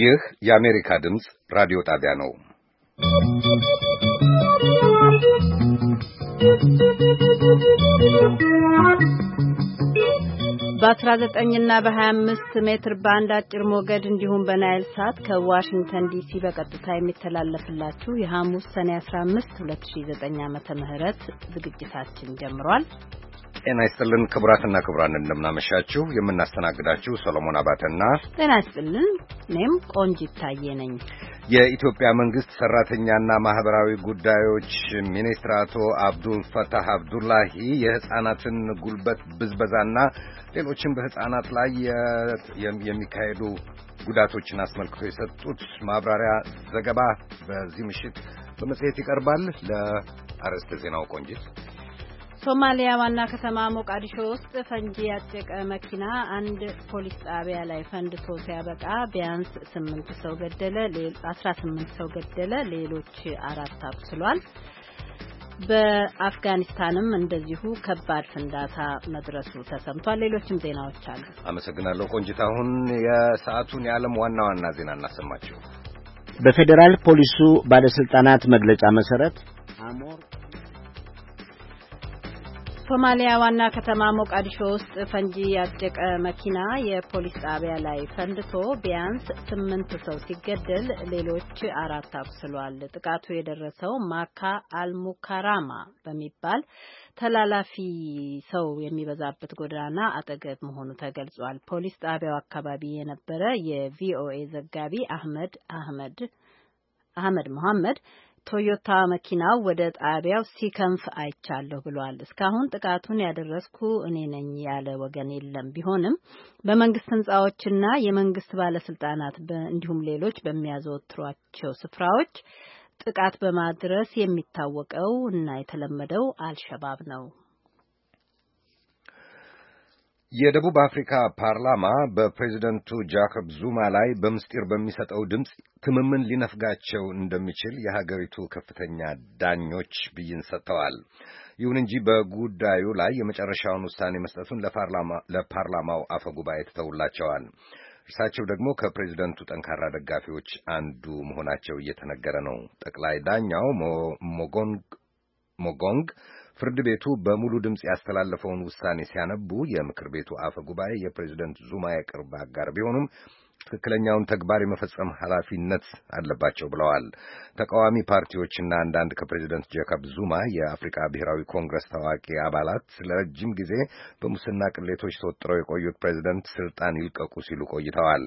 ይህ የአሜሪካ ድምፅ ራዲዮ ጣቢያ ነው። በ19 እና በ25 ሜትር ባንድ አጭር ሞገድ እንዲሁም በናይል ሳት ከዋሽንግተን ዲሲ በቀጥታ የሚተላለፍላችሁ የሐሙስ ሰኔ 15 2009 ም ዝግጅታችን ጀምሯል። ጤና ይስጥልን ክቡራትና ክቡራን፣ እንደምናመሻችሁ። የምናስተናግዳችሁ ሰሎሞን አባተና ጤና ይስጥልን። እኔም ቆንጅ ይታየ ነኝ። የኢትዮጵያ መንግስት ሰራተኛና ማህበራዊ ጉዳዮች ሚኒስትር አቶ አብዱል ፈታህ አብዱላሂ የህጻናትን ጉልበት ብዝበዛና ሌሎችም በህጻናት ላይ የሚካሄዱ ጉዳቶችን አስመልክቶ የሰጡት ማብራሪያ ዘገባ በዚህ ምሽት በመጽሔት ይቀርባል። ለአርዕስተ ዜናው ቆንጅት ሶማሊያ ዋና ከተማ ሞቃዲሾ ውስጥ ፈንጂ ያጨቀ መኪና አንድ ፖሊስ ጣቢያ ላይ ፈንድቶ ሲያበቃ ቢያንስ ስምንት ሰው ገደለ፣ አስራ ስምንት ሰው ገደለ፣ ሌሎች አራት አቁስሏል። በአፍጋኒስታንም እንደዚሁ ከባድ ፍንዳታ መድረሱ ተሰምቷል። ሌሎችም ዜናዎች አሉ። አመሰግናለሁ ቆንጅት። አሁን የሰዓቱን የዓለም ዋና ዋና ዜና እናሰማቸው። በፌዴራል ፖሊሱ ባለስልጣናት መግለጫ መሰረት። ሶማሊያ ዋና ከተማ ሞቃዲሾ ውስጥ ፈንጂ ያደቀ መኪና የፖሊስ ጣቢያ ላይ ፈንድቶ ቢያንስ ስምንት ሰው ሲገደል ሌሎች አራት አቁስሏል። ጥቃቱ የደረሰው ማካ አልሙካራማ በሚባል ተላላፊ ሰው የሚበዛበት ጎዳና አጠገብ መሆኑ ተገልጿል። ፖሊስ ጣቢያው አካባቢ የነበረ የቪኦኤ ዘጋቢ አህመድ አህመድ አህመድ መሐመድ ቶዮታ መኪናው ወደ ጣቢያው ሲከንፍ አይቻለሁ ብሏል። እስካሁን ጥቃቱን ያደረስኩ እኔ ነኝ ያለ ወገን የለም። ቢሆንም በመንግስት ህንጻዎችና የመንግስት ባለስልጣናት እንዲሁም ሌሎች በሚያዘወትሯቸው ስፍራዎች ጥቃት በማድረስ የሚታወቀው እና የተለመደው አልሸባብ ነው። የደቡብ አፍሪካ ፓርላማ በፕሬዚደንቱ ጃኮብ ዙማ ላይ በምስጢር በሚሰጠው ድምፅ ትምምን ሊነፍጋቸው እንደሚችል የሀገሪቱ ከፍተኛ ዳኞች ብይን ሰጥተዋል። ይሁን እንጂ በጉዳዩ ላይ የመጨረሻውን ውሳኔ መስጠቱን ለፓርላማው አፈ ጉባኤ ትተውላቸዋል። እርሳቸው ደግሞ ከፕሬዚደንቱ ጠንካራ ደጋፊዎች አንዱ መሆናቸው እየተነገረ ነው። ጠቅላይ ዳኛው ሞጎንግ ፍርድ ቤቱ በሙሉ ድምፅ ያስተላለፈውን ውሳኔ ሲያነቡ የምክር ቤቱ አፈ ጉባኤ የፕሬዚደንት ዙማ የቅርብ አጋር ቢሆኑም ትክክለኛውን ተግባር የመፈጸም ኃላፊነት አለባቸው ብለዋል። ተቃዋሚ ፓርቲዎችና አንዳንድ ከፕሬዚደንት ጄኮብ ዙማ የአፍሪካ ብሔራዊ ኮንግረስ ታዋቂ አባላት ለረጅም ጊዜ በሙስና ቅሌቶች ተወጥረው የቆዩት ፕሬዚደንት ስልጣን ይልቀቁ ሲሉ ቆይተዋል።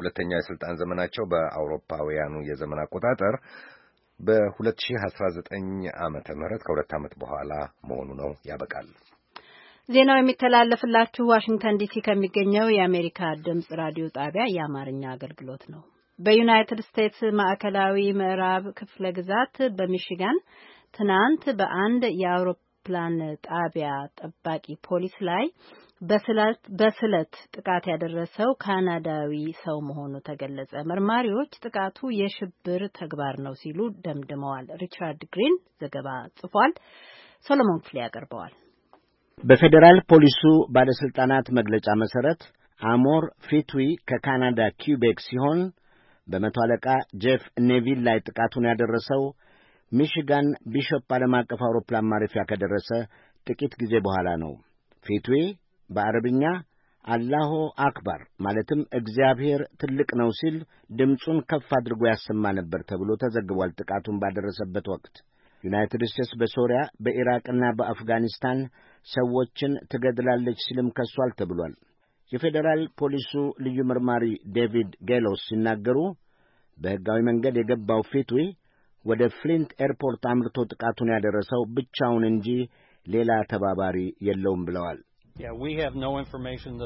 ሁለተኛው የስልጣን ዘመናቸው በአውሮፓውያኑ የዘመን አቆጣጠር በ2019 ዓመተ ምህረት ከሁለት ዓመት በኋላ መሆኑ ነው ያበቃል። ዜናው የሚተላለፍላችሁ ዋሽንግተን ዲሲ ከሚገኘው የአሜሪካ ድምጽ ራዲዮ ጣቢያ የአማርኛ አገልግሎት ነው። በዩናይትድ ስቴትስ ማዕከላዊ ምዕራብ ክፍለ ግዛት በሚሽጋን ትናንት በአንድ የአውሮፕላን ጣቢያ ጠባቂ ፖሊስ ላይ በስለት ጥቃት ያደረሰው ካናዳዊ ሰው መሆኑ ተገለጸ። መርማሪዎች ጥቃቱ የሽብር ተግባር ነው ሲሉ ደምድመዋል። ሪቻርድ ግሪን ዘገባ ጽፏል። ሶሎሞን ክፍሌ ያቀርበዋል። በፌዴራል ፖሊሱ ባለሥልጣናት መግለጫ መሠረት አሞር ፊትዊ ከካናዳ ኪውቤክ ሲሆን በመቶ አለቃ ጄፍ ኔቪል ላይ ጥቃቱን ያደረሰው ሚሽጋን ቢሾፕ ዓለም አቀፍ አውሮፕላን ማረፊያ ከደረሰ ጥቂት ጊዜ በኋላ ነው። ፊትዌ በአረብኛ አላሁ አክባር ማለትም እግዚአብሔር ትልቅ ነው ሲል ድምፁን ከፍ አድርጎ ያሰማ ነበር ተብሎ ተዘግቧል። ጥቃቱን ባደረሰበት ወቅት ዩናይትድ ስቴትስ በሶሪያ በኢራቅና በአፍጋኒስታን ሰዎችን ትገድላለች ሲልም ከሷል ተብሏል። የፌዴራል ፖሊሱ ልዩ መርማሪ ዴቪድ ጌሎስ ሲናገሩ በሕጋዊ መንገድ የገባው ፊትዊ ወደ ፍሊንት ኤርፖርት አምርቶ ጥቃቱን ያደረሰው ብቻውን እንጂ ሌላ ተባባሪ የለውም ብለዋል። We have no information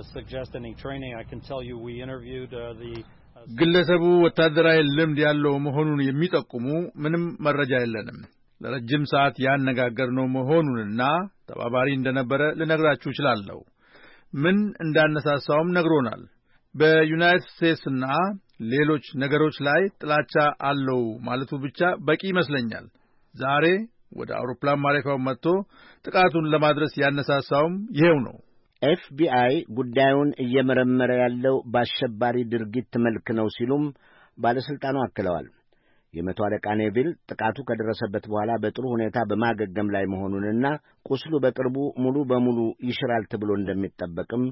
any training. I can tell you we interviewed uh, the uh, ግለሰቡ ወታደራዊ ልምድ ያለው መሆኑን የሚጠቁሙ ምንም መረጃ የለንም። ለረጅም ሰዓት ያነጋገርነው መሆኑንና ተባባሪ እንደነበረ ልነግራችሁ እችላለሁ። ምን እንዳነሳሳውም ነግሮናል። በዩናይትድ ስቴትስና ሌሎች ነገሮች ላይ ጥላቻ አለው ማለቱ ብቻ በቂ ይመስለኛል። ዛሬ ወደ አውሮፕላን ማረፊያው መጥቶ ጥቃቱን ለማድረስ ያነሳሳውም ይኸው ነው። ኤፍቢአይ ጉዳዩን እየመረመረ ያለው በአሸባሪ ድርጊት መልክ ነው ሲሉም ባለሥልጣኑ አክለዋል። የመቶ አለቃ ኔቪል ጥቃቱ ከደረሰበት በኋላ በጥሩ ሁኔታ በማገገም ላይ መሆኑንና ቁስሉ በቅርቡ ሙሉ በሙሉ ይሽራል ተብሎ እንደሚጠበቅም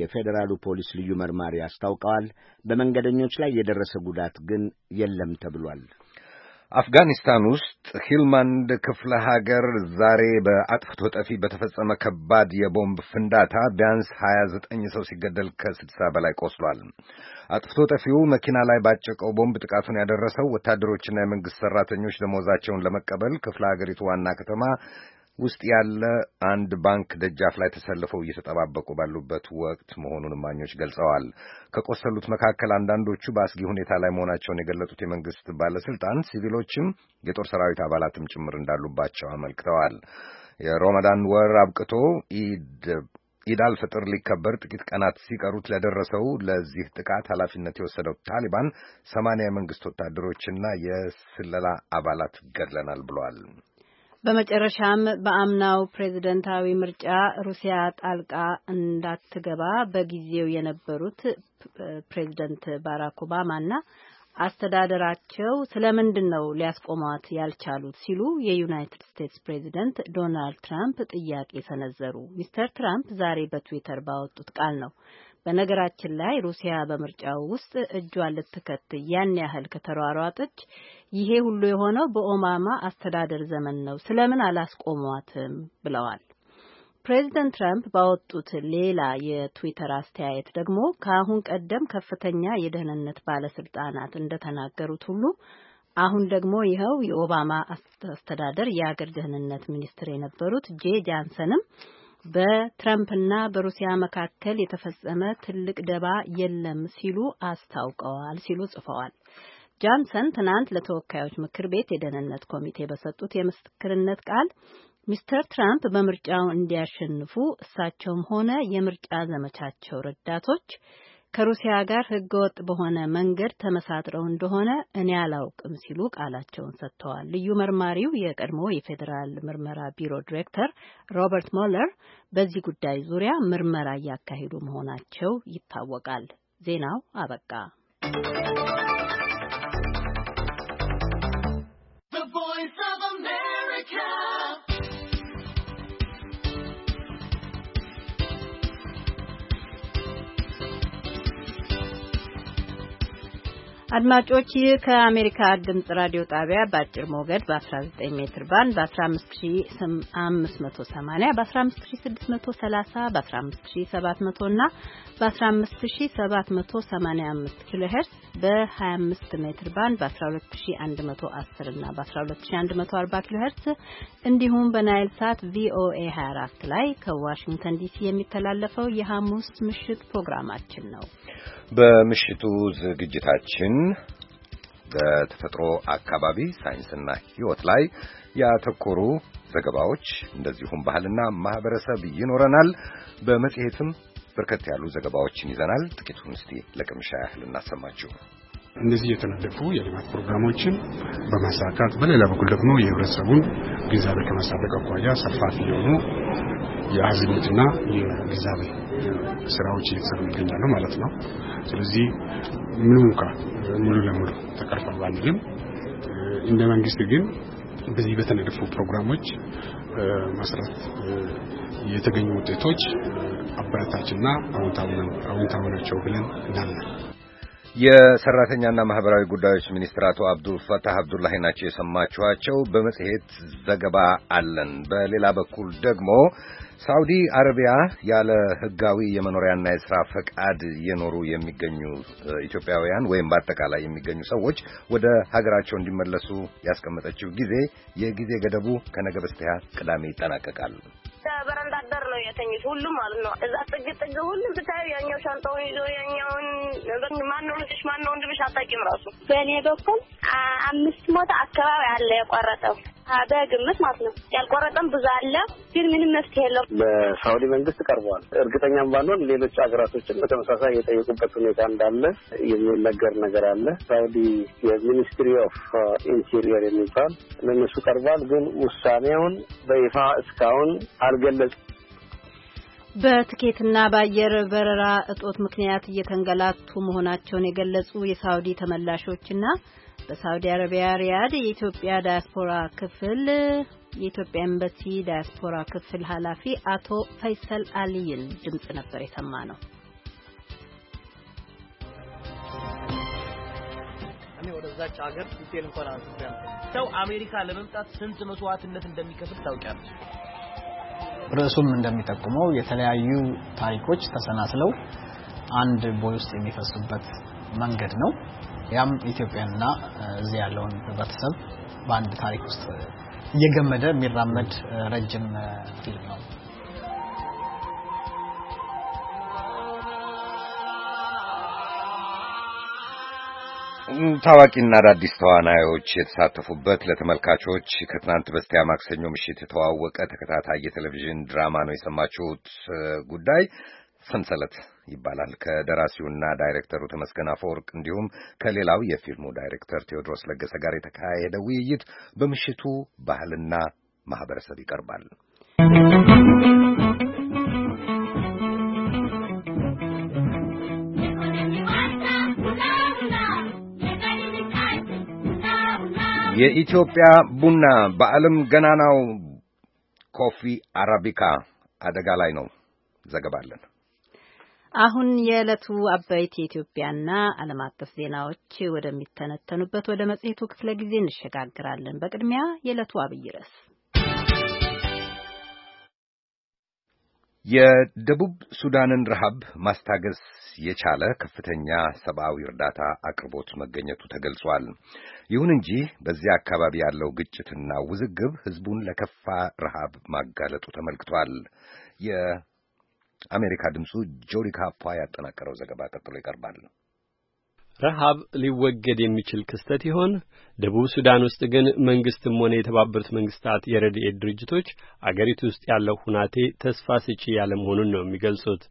የፌዴራሉ ፖሊስ ልዩ መርማሪ አስታውቀዋል። በመንገደኞች ላይ የደረሰ ጉዳት ግን የለም ተብሏል። አፍጋኒስታን ውስጥ ሂልማንድ ክፍለ ሀገር ዛሬ በአጥፍቶ ጠፊ በተፈጸመ ከባድ የቦምብ ፍንዳታ ቢያንስ 29 ሰው ሲገደል ከ60 በላይ ቆስሏል። አጥፍቶ ጠፊው መኪና ላይ ባጨቀው ቦምብ ጥቃቱን ያደረሰው ወታደሮችና የመንግሥት ሠራተኞች ደሞዛቸውን ለመቀበል ክፍለ ሀገሪቱ ዋና ከተማ ውስጥ ያለ አንድ ባንክ ደጃፍ ላይ ተሰልፈው እየተጠባበቁ ባሉበት ወቅት መሆኑን እማኞች ገልጸዋል። ከቆሰሉት መካከል አንዳንዶቹ በአስጊ ሁኔታ ላይ መሆናቸውን የገለጹት የመንግስት ባለስልጣን ሲቪሎችም የጦር ሰራዊት አባላትም ጭምር እንዳሉባቸው አመልክተዋል። የሮመዳን ወር አብቅቶ ኢድ ኢዳል ፍጥር ሊከበር ጥቂት ቀናት ሲቀሩት ለደረሰው ለዚህ ጥቃት ኃላፊነት የወሰደው ታሊባን ሰማንያ የመንግስት ወታደሮችና የስለላ አባላት ገድለናል ብሏል። በመጨረሻም በአምናው ፕሬዝደንታዊ ምርጫ ሩሲያ ጣልቃ እንዳትገባ በጊዜው የነበሩት ፕሬዝደንት ባራክ ኦባማና አስተዳደራቸው ስለምንድን ነው ሊያስቆሟት ያልቻሉት ሲሉ የዩናይትድ ስቴትስ ፕሬዝደንት ዶናልድ ትራምፕ ጥያቄ ሰነዘሩ። ሚስተር ትራምፕ ዛሬ በትዊተር ባወጡት ቃል ነው በነገራችን ላይ ሩሲያ በምርጫው ውስጥ እጇን ልትከት ያን ያህል ከተሯሯጠች ይሄ ሁሉ የሆነው በኦባማ አስተዳደር ዘመን ነው፣ ስለምን አላስቆሟትም ብለዋል። ፕሬዚደንት ትራምፕ ባወጡት ሌላ የትዊተር አስተያየት ደግሞ ከአሁን ቀደም ከፍተኛ የደህንነት ባለስልጣናት እንደተናገሩት ሁሉ አሁን ደግሞ ይኸው የኦባማ አስተዳደር የአገር ደህንነት ሚኒስትር የነበሩት ጄ ጃንሰንም በትረምፕና በሩሲያ መካከል የተፈጸመ ትልቅ ደባ የለም ሲሉ አስታውቀዋል ሲሉ ጽፈዋል። ጃንሰን ትናንት ለተወካዮች ምክር ቤት የደህንነት ኮሚቴ በሰጡት የምስክርነት ቃል ሚስተር ትራምፕ በምርጫው እንዲያሸንፉ እሳቸውም ሆነ የምርጫ ዘመቻቸው ረዳቶች ከሩሲያ ጋር ህገወጥ በሆነ መንገድ ተመሳጥረው እንደሆነ እኔ አላውቅም ሲሉ ቃላቸውን ሰጥተዋል። ልዩ መርማሪው የቀድሞ የፌዴራል ምርመራ ቢሮ ዲሬክተር ሮበርት ሞለር በዚህ ጉዳይ ዙሪያ ምርመራ እያካሄዱ መሆናቸው ይታወቃል። ዜናው አበቃ። አድማጮች ይህ ከአሜሪካ ድምጽ ራዲዮ ጣቢያ በአጭር ሞገድ በ19 ሜትር ባንድ በ15580 በ15630 በ15700 እና በ15785 ኪሎ ሄርስ በ25 ሜትር ባንድ በ12110 እና በ12140 ኪሎ ሄርስ እንዲሁም በናይል ሳት ቪኦኤ 24 ላይ ከዋሽንግተን ዲሲ የሚተላለፈው የሐሙስ ምሽት ፕሮግራማችን ነው። በምሽቱ ዝግጅታችን በተፈጥሮ አካባቢ ሳይንስና ሕይወት ላይ ያተኮሩ ዘገባዎች እንደዚሁም ባህልና ማህበረሰብ ይኖረናል። በመጽሔትም በርከት ያሉ ዘገባዎችን ይዘናል። ጥቂቱን እስቲ ለቅምሻ ያህል እናሰማችሁ። እነዚህ የተነደፉ የልማት ፕሮግራሞችን በማሳካት በሌላ በኩል ደግሞ የህብረተሰቡን ግንዛቤ ከማሳደቅ አኳያ ሰፋፊ የሆኑ የአዝሜትና የግንዛቤ ስራዎች እየተሰሩ ይገኛሉ ማለት ነው። ስለዚህ ምንም እንኳ ሙሉ ለሙሉ ተቀርፏል ባንልም እንደ መንግስት ግን በዚህ በተነደፉ ፕሮግራሞች መሰረት የተገኙ ውጤቶች አበረታችና አዎንታዊ ናቸው ብለን እናምናለን። የሰራተኛና ማህበራዊ ጉዳዮች ሚኒስትር አቶ አብዱል ፈታህ አብዱላሂ ናቸው የሰማችኋቸው። በመጽሔት ዘገባ አለን። በሌላ በኩል ደግሞ ሳውዲ አረቢያ ያለ ሕጋዊ የመኖሪያና የስራ ፈቃድ እየኖሩ የሚገኙ ኢትዮጵያውያን ወይም በአጠቃላይ የሚገኙ ሰዎች ወደ ሀገራቸው እንዲመለሱ ያስቀመጠችው ጊዜ የጊዜ ገደቡ ከነገ በስቲያ ቅዳሜ ይጠናቀቃል። በረንዳ አደር ነው የተኙት፣ ሁሉም ማለት ነው። እዛ ጥግ ጥግ ሁሉም ብታዩ ያኛው ሻንጣውን ይዞ ያኛውን ማነው ልጅሽ ማነው ወንድምሽ አታውቂም ራሱ። በእኔ በኩል አምስት ሞታ አካባቢ አለ የቆረጠው በግምት ማለት ነው። ያልቆረጠም ብዙ አለ፣ ግን ምንም መፍትሄ የለውም። በሳውዲ መንግስት ቀርቧል እርግጠኛም ባንሆን ሌሎች ሀገራቶችን በተመሳሳይ የጠየቁበት ሁኔታ እንዳለ የሚነገር ነገር አለ። ሳውዲ የሚኒስትሪ ኦፍ ኢንቴሪየር የሚባል ለእነሱ ቀርቧል፣ ግን ውሳኔውን በይፋ እስካሁን አልገለጹም። በትኬትና በአየር በረራ እጦት ምክንያት እየተንገላቱ መሆናቸውን የገለጹ የሳውዲ ተመላሾችና በሳውዲ አረቢያ ሪያድ የኢትዮጵያ ዳያስፖራ ክፍል የኢትዮጵያ ኤምባሲ ዳያስፖራ ክፍል ኃላፊ አቶ ፈይሰል አልይን ድምጽ ነበር የሰማ ነው። ወደዛች ሀገር ሆቴል እንኳን ሰው አሜሪካ ለመምጣት ስንት መስዋዕትነት እንደሚከፍል ታውቂያለሽ? ርዕሱም እንደሚጠቁመው የተለያዩ ታሪኮች ተሰናስለው አንድ ቦይ ውስጥ የሚፈሱበት መንገድ ነው። ያም ኢትዮጵያንና እዚህ ያለውን ህብረተሰብ በአንድ ታሪክ ውስጥ እየገመደ የሚራመድ ረጅም ፊልም ነው። ታዋቂና አዳዲስ ተዋናዮች የተሳተፉበት ለተመልካቾች ከትናንት በስቲያ ማክሰኞ ምሽት የተዋወቀ ተከታታይ የቴሌቪዥን ድራማ ነው የሰማችሁት ጉዳይ ሰንሰለት ይባላል። ከደራሲውና ዳይሬክተሩ ተመስገን አፈወርቅ እንዲሁም ከሌላው የፊልሙ ዳይሬክተር ቴዎድሮስ ለገሰ ጋር የተካሄደ ውይይት በምሽቱ ባህልና ማህበረሰብ ይቀርባል። የኢትዮጵያ ቡና በዓለም ገናናው ኮፊ አረቢካ አደጋ ላይ ነው። ዘገባለን አሁን የዕለቱ አበይት የኢትዮጵያና ዓለም አቀፍ ዜናዎች ወደሚተነተኑበት ወደ መጽሔቱ ክፍለ ጊዜ እንሸጋግራለን። በቅድሚያ የዕለቱ አብይ ርዕስ የደቡብ ሱዳንን ረሃብ ማስታገስ የቻለ ከፍተኛ ሰብአዊ እርዳታ አቅርቦት መገኘቱ ተገልጿል። ይሁን እንጂ በዚያ አካባቢ ያለው ግጭትና ውዝግብ ሕዝቡን ለከፋ ረሃብ ማጋለጡ ተመልክቷል። አሜሪካ ድምፁ ጆሪ ካፓ ያጠናቀረው ዘገባ ቀጥሎ ይቀርባል። ረሃብ ሊወገድ የሚችል ክስተት ይሆን? ደቡብ ሱዳን ውስጥ ግን መንግስትም ሆነ የተባበሩት መንግስታት የረድኤት ድርጅቶች አገሪቱ ውስጥ ያለው ሁናቴ ተስፋ ስጪ ያለመሆኑን ነው የሚገልጹት።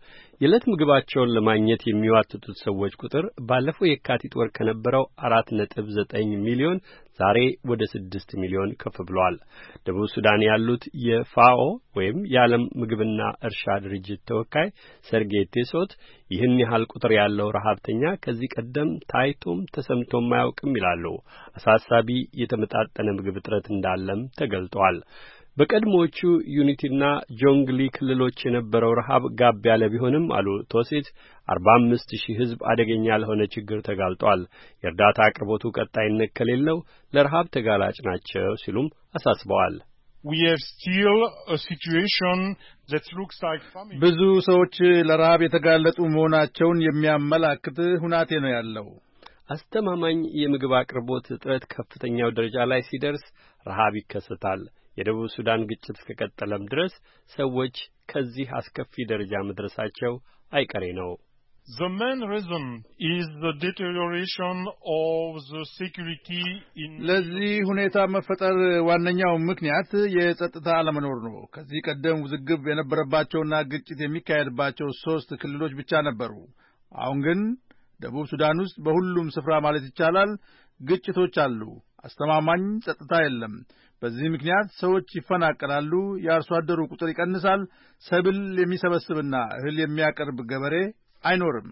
የዕለት ምግባቸውን ለማግኘት የሚዋትቱት ሰዎች ቁጥር ባለፈው የካቲት ወር ከነበረው አራት ነጥብ ዘጠኝ ሚሊዮን ዛሬ ወደ ስድስት ሚሊዮን ከፍ ብሏል። ደቡብ ሱዳን ያሉት የፋኦ ወይም የዓለም ምግብና እርሻ ድርጅት ተወካይ ሰርጌ ቴሶት ይህን ያህል ቁጥር ያለው ረሀብተኛ ከዚህ ቀደም ታይቶም ተሰምቶም አያውቅም ይላሉ። አሳሳቢ የተመጣጠነ ምግብ እጥረት እንዳለም ተገልጧል። በቀድሞዎቹ ዩኒቲና ጆንግሊ ክልሎች የነበረው ረሃብ ጋብ ያለ ቢሆንም አሉ ቶሴት አርባ አምስት ሺህ ሕዝብ አደገኛ ለሆነ ችግር ተጋልጧል። የእርዳታ አቅርቦቱ ቀጣይነት ከሌለው ለረሃብ ተጋላጭ ናቸው ሲሉም አሳስበዋል። ብዙ ሰዎች ለረሃብ የተጋለጡ መሆናቸውን የሚያመላክት ሁናቴ ነው ያለው። አስተማማኝ የምግብ አቅርቦት እጥረት ከፍተኛው ደረጃ ላይ ሲደርስ ረሃብ ይከሰታል። የደቡብ ሱዳን ግጭት እስከቀጠለም ድረስ ሰዎች ከዚህ አስከፊ ደረጃ መድረሳቸው አይቀሬ ነው። The main reason is the deterioration of the security in ለዚህ ሁኔታ መፈጠር ዋነኛው ምክንያት የጸጥታ አለመኖር ነው። ከዚህ ቀደም ውዝግብ የነበረባቸውና ግጭት የሚካሄድባቸው ሶስት ክልሎች ብቻ ነበሩ። አሁን ግን ደቡብ ሱዳን ውስጥ በሁሉም ስፍራ ማለት ይቻላል ግጭቶች አሉ። አስተማማኝ ጸጥታ የለም። በዚህ ምክንያት ሰዎች ይፈናቀላሉ፣ የአርሶ አደሩ ቁጥር ይቀንሳል፣ ሰብል የሚሰበስብና እህል የሚያቀርብ ገበሬ አይኖርም።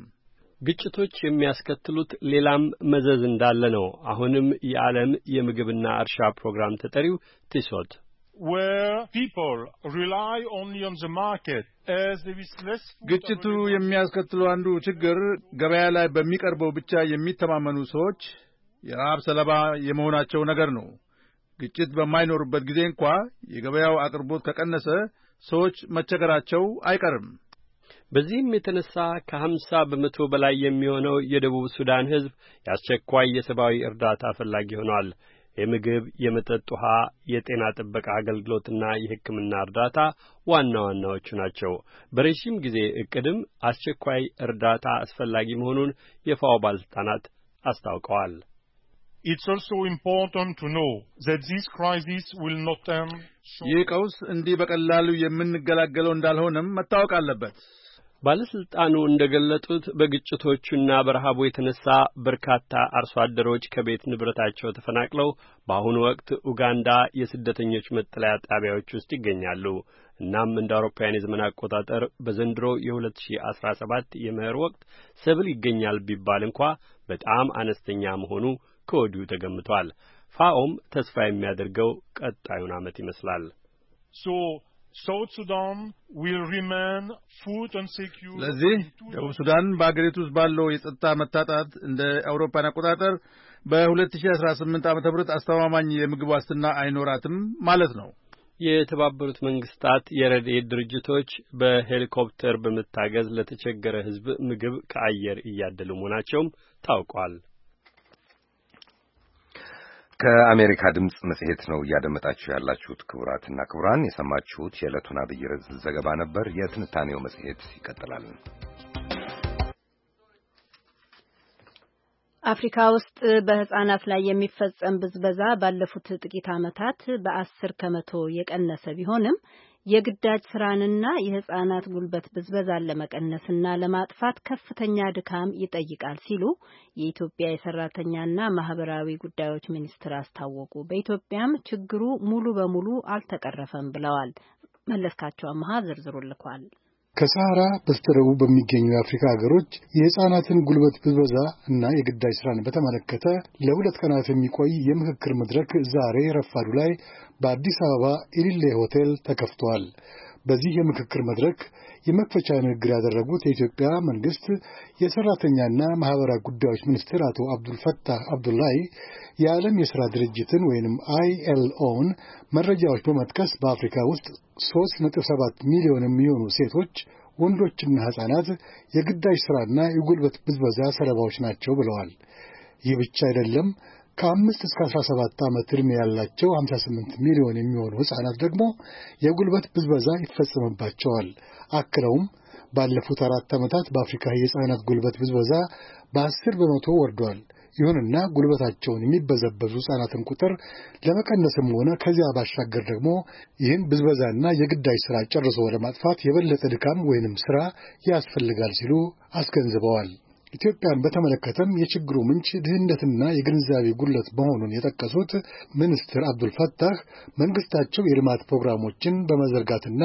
ግጭቶች የሚያስከትሉት ሌላም መዘዝ እንዳለ ነው። አሁንም የዓለም የምግብና እርሻ ፕሮግራም ተጠሪው ቲሶት ግጭቱ የሚያስከትሉ አንዱ ችግር ገበያ ላይ በሚቀርበው ብቻ የሚተማመኑ ሰዎች የረሃብ ሰለባ የመሆናቸው ነገር ነው። ግጭት በማይኖርበት ጊዜ እንኳ የገበያው አቅርቦት ከቀነሰ ሰዎች መቸገራቸው አይቀርም። በዚህም የተነሳ ከሀምሳ በመቶ በላይ የሚሆነው የደቡብ ሱዳን ሕዝብ የአስቸኳይ የሰብአዊ እርዳታ ፈላጊ ሆኗል። የምግብ፣ የመጠጥ ውሃ፣ የጤና ጥበቃ አገልግሎትና የሕክምና እርዳታ ዋና ዋናዎቹ ናቸው። በረዥም ጊዜ እቅድም አስቸኳይ እርዳታ አስፈላጊ መሆኑን የፋኦ ባለሥልጣናት አስታውቀዋል። ይህ ቀውስ እንዲህ በቀላሉ የምንገላገለው እንዳልሆነም መታወቅ አለበት። ባለሥልጣኑ እንደ ገለጡት በግጭቶቹና በረሃቡ የተነሳ በርካታ አርሶ አደሮች ከቤት ንብረታቸው ተፈናቅለው በአሁኑ ወቅት ኡጋንዳ የስደተኞች መጠለያ ጣቢያዎች ውስጥ ይገኛሉ። እናም እንደ አውሮፓውያን የዘመን አቆጣጠር በዘንድሮ የ2017 የመኸር ወቅት ሰብል ይገኛል ቢባል እንኳ በጣም አነስተኛ መሆኑ ከወዲሁ ተገምቷል። ፋኦም ተስፋ የሚያደርገው ቀጣዩን ዓመት ይመስላል። ስለዚህ ደቡብ ሱዳን በአገሪቱ ውስጥ ባለው የጸጥታ መታጣት እንደ አውሮፓን አቆጣጠር በ2018 ዓ ም አስተማማኝ የምግብ ዋስትና አይኖራትም ማለት ነው። የተባበሩት መንግስታት የረድኤት ድርጅቶች በሄሊኮፕተር በመታገዝ ለተቸገረ ህዝብ ምግብ ከአየር እያደሉ መሆናቸውም ታውቋል። ከአሜሪካ ድምፅ መጽሔት ነው እያደመጣችሁ ያላችሁት። ክቡራትና ክቡራን የሰማችሁት የዕለቱን አብይ ርዕስ ዘገባ ነበር። የትንታኔው መጽሔት ይቀጥላል። አፍሪካ ውስጥ በህጻናት ላይ የሚፈጸም ብዝበዛ ባለፉት ጥቂት ዓመታት በአስር ከመቶ የቀነሰ ቢሆንም የግዳጅ ስራንና የህጻናት ጉልበት ብዝበዛን ለመቀነስና ለማጥፋት ከፍተኛ ድካም ይጠይቃል ሲሉ የኢትዮጵያ የሰራተኛና ማህበራዊ ጉዳዮች ሚኒስትር አስታወቁ። በኢትዮጵያም ችግሩ ሙሉ በሙሉ አልተቀረፈም ብለዋል። መለስካቸው አመሀ ዝርዝሩ ልኳል። ከሰሃራ በስተደቡብ በሚገኙ የአፍሪካ ሀገሮች የሕፃናትን ጉልበት ብዝበዛ እና የግዳጅ ሥራን በተመለከተ ለሁለት ቀናት የሚቆይ የምክክር መድረክ ዛሬ ረፋዱ ላይ በአዲስ አበባ ኤሊሌ ሆቴል ተከፍቷል። በዚህ የምክክር መድረክ የመክፈቻ ንግግር ያደረጉት የኢትዮጵያ መንግስት የሰራተኛና ማህበራዊ ጉዳዮች ሚኒስትር አቶ አብዱልፈታህ አብዱላይ የዓለም የሥራ ድርጅትን ወይንም አይኤልኦውን መረጃዎች በመጥቀስ በአፍሪካ ውስጥ 3.7 ሚሊዮን የሚሆኑ ሴቶች ወንዶችና ሕፃናት የግዳጅ ሥራና የጉልበት ብዝበዛ ሰለባዎች ናቸው ብለዋል። ይህ ብቻ አይደለም። ከአምስት እስከ 17 ዓመት ዕድሜ ያላቸው 58 ሚሊዮን የሚሆኑ ሕፃናት ደግሞ የጉልበት ብዝበዛ ይፈጸምባቸዋል። አክለውም ባለፉት አራት ዓመታት በአፍሪካ የሕፃናት ጉልበት ብዝበዛ በአስር በመቶ ወርዷል። ይሁንና ጉልበታቸውን የሚበዘበዙ ሕፃናትን ቁጥር ለመቀነስም ሆነ ከዚያ ባሻገር ደግሞ ይህን ብዝበዛና የግዳጅ ሥራ ጨርሶ ለማጥፋት የበለጠ ድካም ወይንም ሥራ ያስፈልጋል ሲሉ አስገንዝበዋል። ኢትዮጵያን በተመለከተም የችግሩ ምንጭ ድህነትና የግንዛቤ ጉድለት መሆኑን የጠቀሱት ሚኒስትር አብዱልፈታህ መንግስታቸው የልማት ፕሮግራሞችን በመዘርጋትና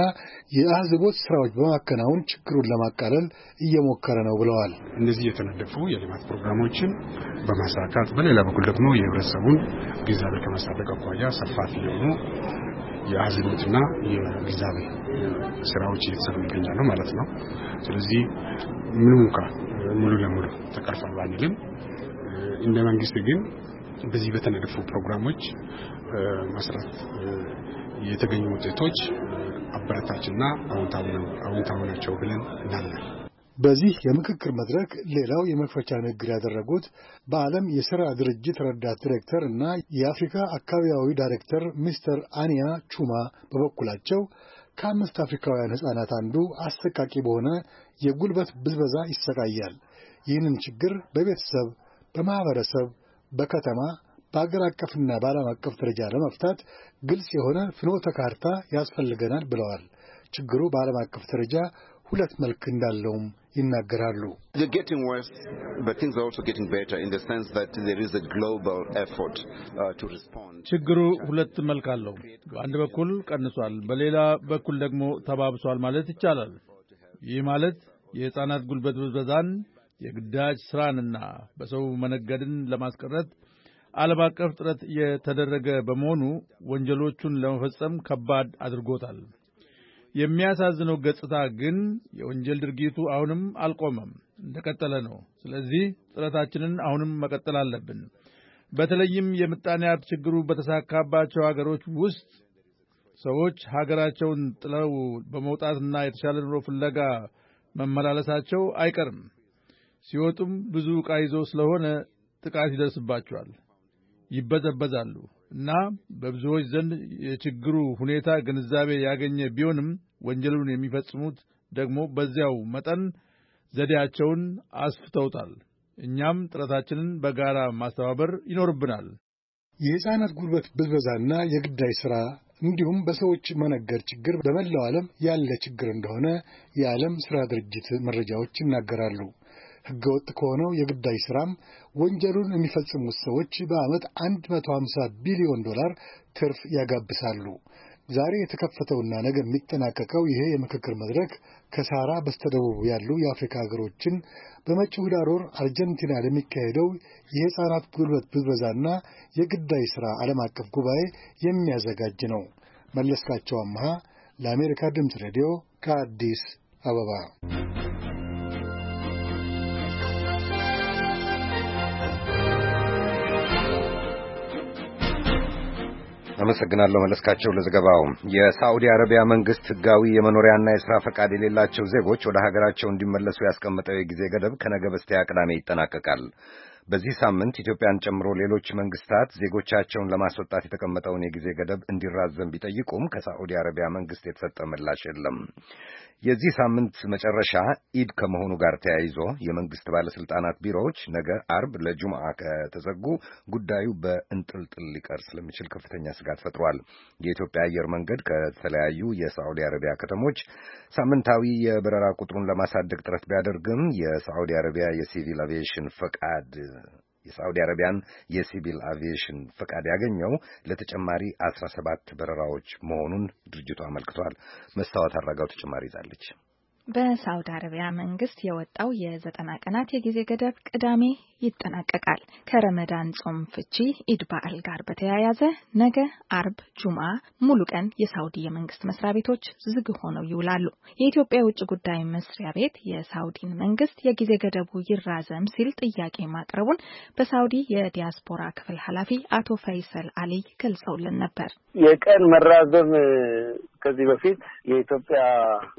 የአህዝቦት ስራዎች በማከናወን ችግሩን ለማቃለል እየሞከረ ነው ብለዋል። እነዚህ የተነደፉ የልማት ፕሮግራሞችን በማሳካት በሌላ በኩል ደግሞ የህብረተሰቡን ግንዛቤ ከማሳደቅ አኳያ ሰፋፊ የሆኑ የአዝምትና የግዛቤ ስራዎች እየተሰሩ ይገኛሉ ማለት ነው። ስለዚህ ምንም እንኳ ሙሉ ለሙሉ ተቀርፏል ባንልም እንደ መንግስት ግን በዚህ በተነደፉ ፕሮግራሞች መስራት የተገኙ ውጤቶች አበረታችና አዎንታዊ ናቸው ብለን እናምናለን። በዚህ የምክክር መድረክ ሌላው የመክፈቻ ንግግር ያደረጉት በዓለም የሥራ ድርጅት ረዳት ዲሬክተር እና የአፍሪካ አካባቢያዊ ዳይሬክተር ሚስተር አንያ ቹማ በበኩላቸው ከአምስት አፍሪካውያን ሕፃናት አንዱ አሰቃቂ በሆነ የጉልበት ብዝበዛ ይሰቃያል። ይህንን ችግር በቤተሰብ፣ በማኅበረሰብ፣ በከተማ፣ በአገር አቀፍና በዓለም አቀፍ ደረጃ ለመፍታት ግልጽ የሆነ ፍኖተ ካርታ ያስፈልገናል ብለዋል። ችግሩ በዓለም አቀፍ ደረጃ ሁለት መልክ እንዳለውም ይናገራሉ። uh, ችግሩ ሁለት መልክ አለው። በአንድ በኩል ቀንሷል፣ በሌላ በኩል ደግሞ ተባብሷል ማለት ይቻላል። ይህ ማለት የሕፃናት ጉልበት ብዝበዛን፣ የግዳጅ ሥራንና በሰው መነገድን ለማስቀረት ዓለም አቀፍ ጥረት እየተደረገ በመሆኑ ወንጀሎቹን ለመፈጸም ከባድ አድርጎታል። የሚያሳዝነው ገጽታ ግን የወንጀል ድርጊቱ አሁንም አልቆመም፣ እንደቀጠለ ነው። ስለዚህ ጥረታችንን አሁንም መቀጠል አለብን። በተለይም የምጣኔ ሀብት ችግሩ በተሳካባቸው ሀገሮች ውስጥ ሰዎች ሀገራቸውን ጥለው በመውጣትና የተሻለ ኑሮ ፍለጋ መመላለሳቸው አይቀርም። ሲወጡም ብዙ ዕቃ ይዞ ስለሆነ ጥቃት ይደርስባቸዋል፣ ይበዘበዛሉ እና በብዙዎች ዘንድ የችግሩ ሁኔታ ግንዛቤ ያገኘ ቢሆንም ወንጀሉን የሚፈጽሙት ደግሞ በዚያው መጠን ዘዴያቸውን አስፍተውታል። እኛም ጥረታችንን በጋራ ማስተባበር ይኖርብናል። የሕፃናት ጉልበት ብዝበዛና የግዳይ ሥራ እንዲሁም በሰዎች መነገር ችግር በመላው ዓለም ያለ ችግር እንደሆነ የዓለም ሥራ ድርጅት መረጃዎች ይናገራሉ። ሕገወጥ ከሆነው የግዳይ ሥራም ወንጀሉን የሚፈጽሙት ሰዎች በዓመት 150 ቢሊዮን ዶላር ትርፍ ያጋብሳሉ። ዛሬ የተከፈተውና ነገ የሚጠናቀቀው ይሄ የምክክር መድረክ ከሳህራ በስተደቡብ ያሉ የአፍሪካ ሀገሮችን በመጪው ኅዳር ወር አርጀንቲና ለሚካሄደው የሕፃናት ጉልበት ብዝበዛና የግዳይ ሥራ ዓለም አቀፍ ጉባኤ የሚያዘጋጅ ነው። መለስካቸው አምሃ ለአሜሪካ ድምፅ ሬዲዮ ከአዲስ አበባ አመሰግናለሁ መለስካቸው ለዘገባው። የሳዑዲ አረቢያ መንግስት ህጋዊ የመኖሪያና የስራ ፈቃድ የሌላቸው ዜጎች ወደ ሀገራቸው እንዲመለሱ ያስቀመጠው የጊዜ ገደብ ከነገ በስቲያ ቅዳሜ ይጠናቀቃል። በዚህ ሳምንት ኢትዮጵያን ጨምሮ ሌሎች መንግስታት ዜጎቻቸውን ለማስወጣት የተቀመጠውን የጊዜ ገደብ እንዲራዘም ቢጠይቁም ከሳዑዲ አረቢያ መንግስት የተሰጠ ምላሽ የለም። የዚህ ሳምንት መጨረሻ ኢድ ከመሆኑ ጋር ተያይዞ የመንግስት ባለስልጣናት ቢሮዎች ነገ አርብ ለጁምዓ ከተዘጉ ጉዳዩ በእንጥልጥል ሊቀር ስለሚችል ከፍተኛ ስጋት ፈጥሯል። የኢትዮጵያ አየር መንገድ ከተለያዩ የሳዑዲ አረቢያ ከተሞች ሳምንታዊ የበረራ ቁጥሩን ለማሳደግ ጥረት ቢያደርግም የሳዑዲ አረቢያ የሲቪል አቪዬሽን ፈቃድ የሳዑዲ አረቢያን የሲቪል አቪዬሽን ፈቃድ ያገኘው ለተጨማሪ አስራ ሰባት በረራዎች መሆኑን ድርጅቱ አመልክቷል። መስታወት አድራጋው ተጨማሪ ይዛለች። በሳውዲ አረቢያ መንግስት የወጣው የዘጠና ቀናት የጊዜ ገደብ ቅዳሜ ይጠናቀቃል። ከረመዳን ጾም ፍቺ ኢድ በዓል ጋር በተያያዘ ነገ አርብ ጁምአ ሙሉ ቀን የሳውዲ የመንግስት መስሪያ ቤቶች ዝግ ሆነው ይውላሉ። የኢትዮጵያ የውጭ ጉዳይ መስሪያ ቤት የሳውዲን መንግስት የጊዜ ገደቡ ይራዘም ሲል ጥያቄ ማቅረቡን በሳውዲ የዲያስፖራ ክፍል ኃላፊ አቶ ፈይሰል አሊ ገልጸውልን ነበር። የቀን መራዘም ከዚህ በፊት የኢትዮጵያ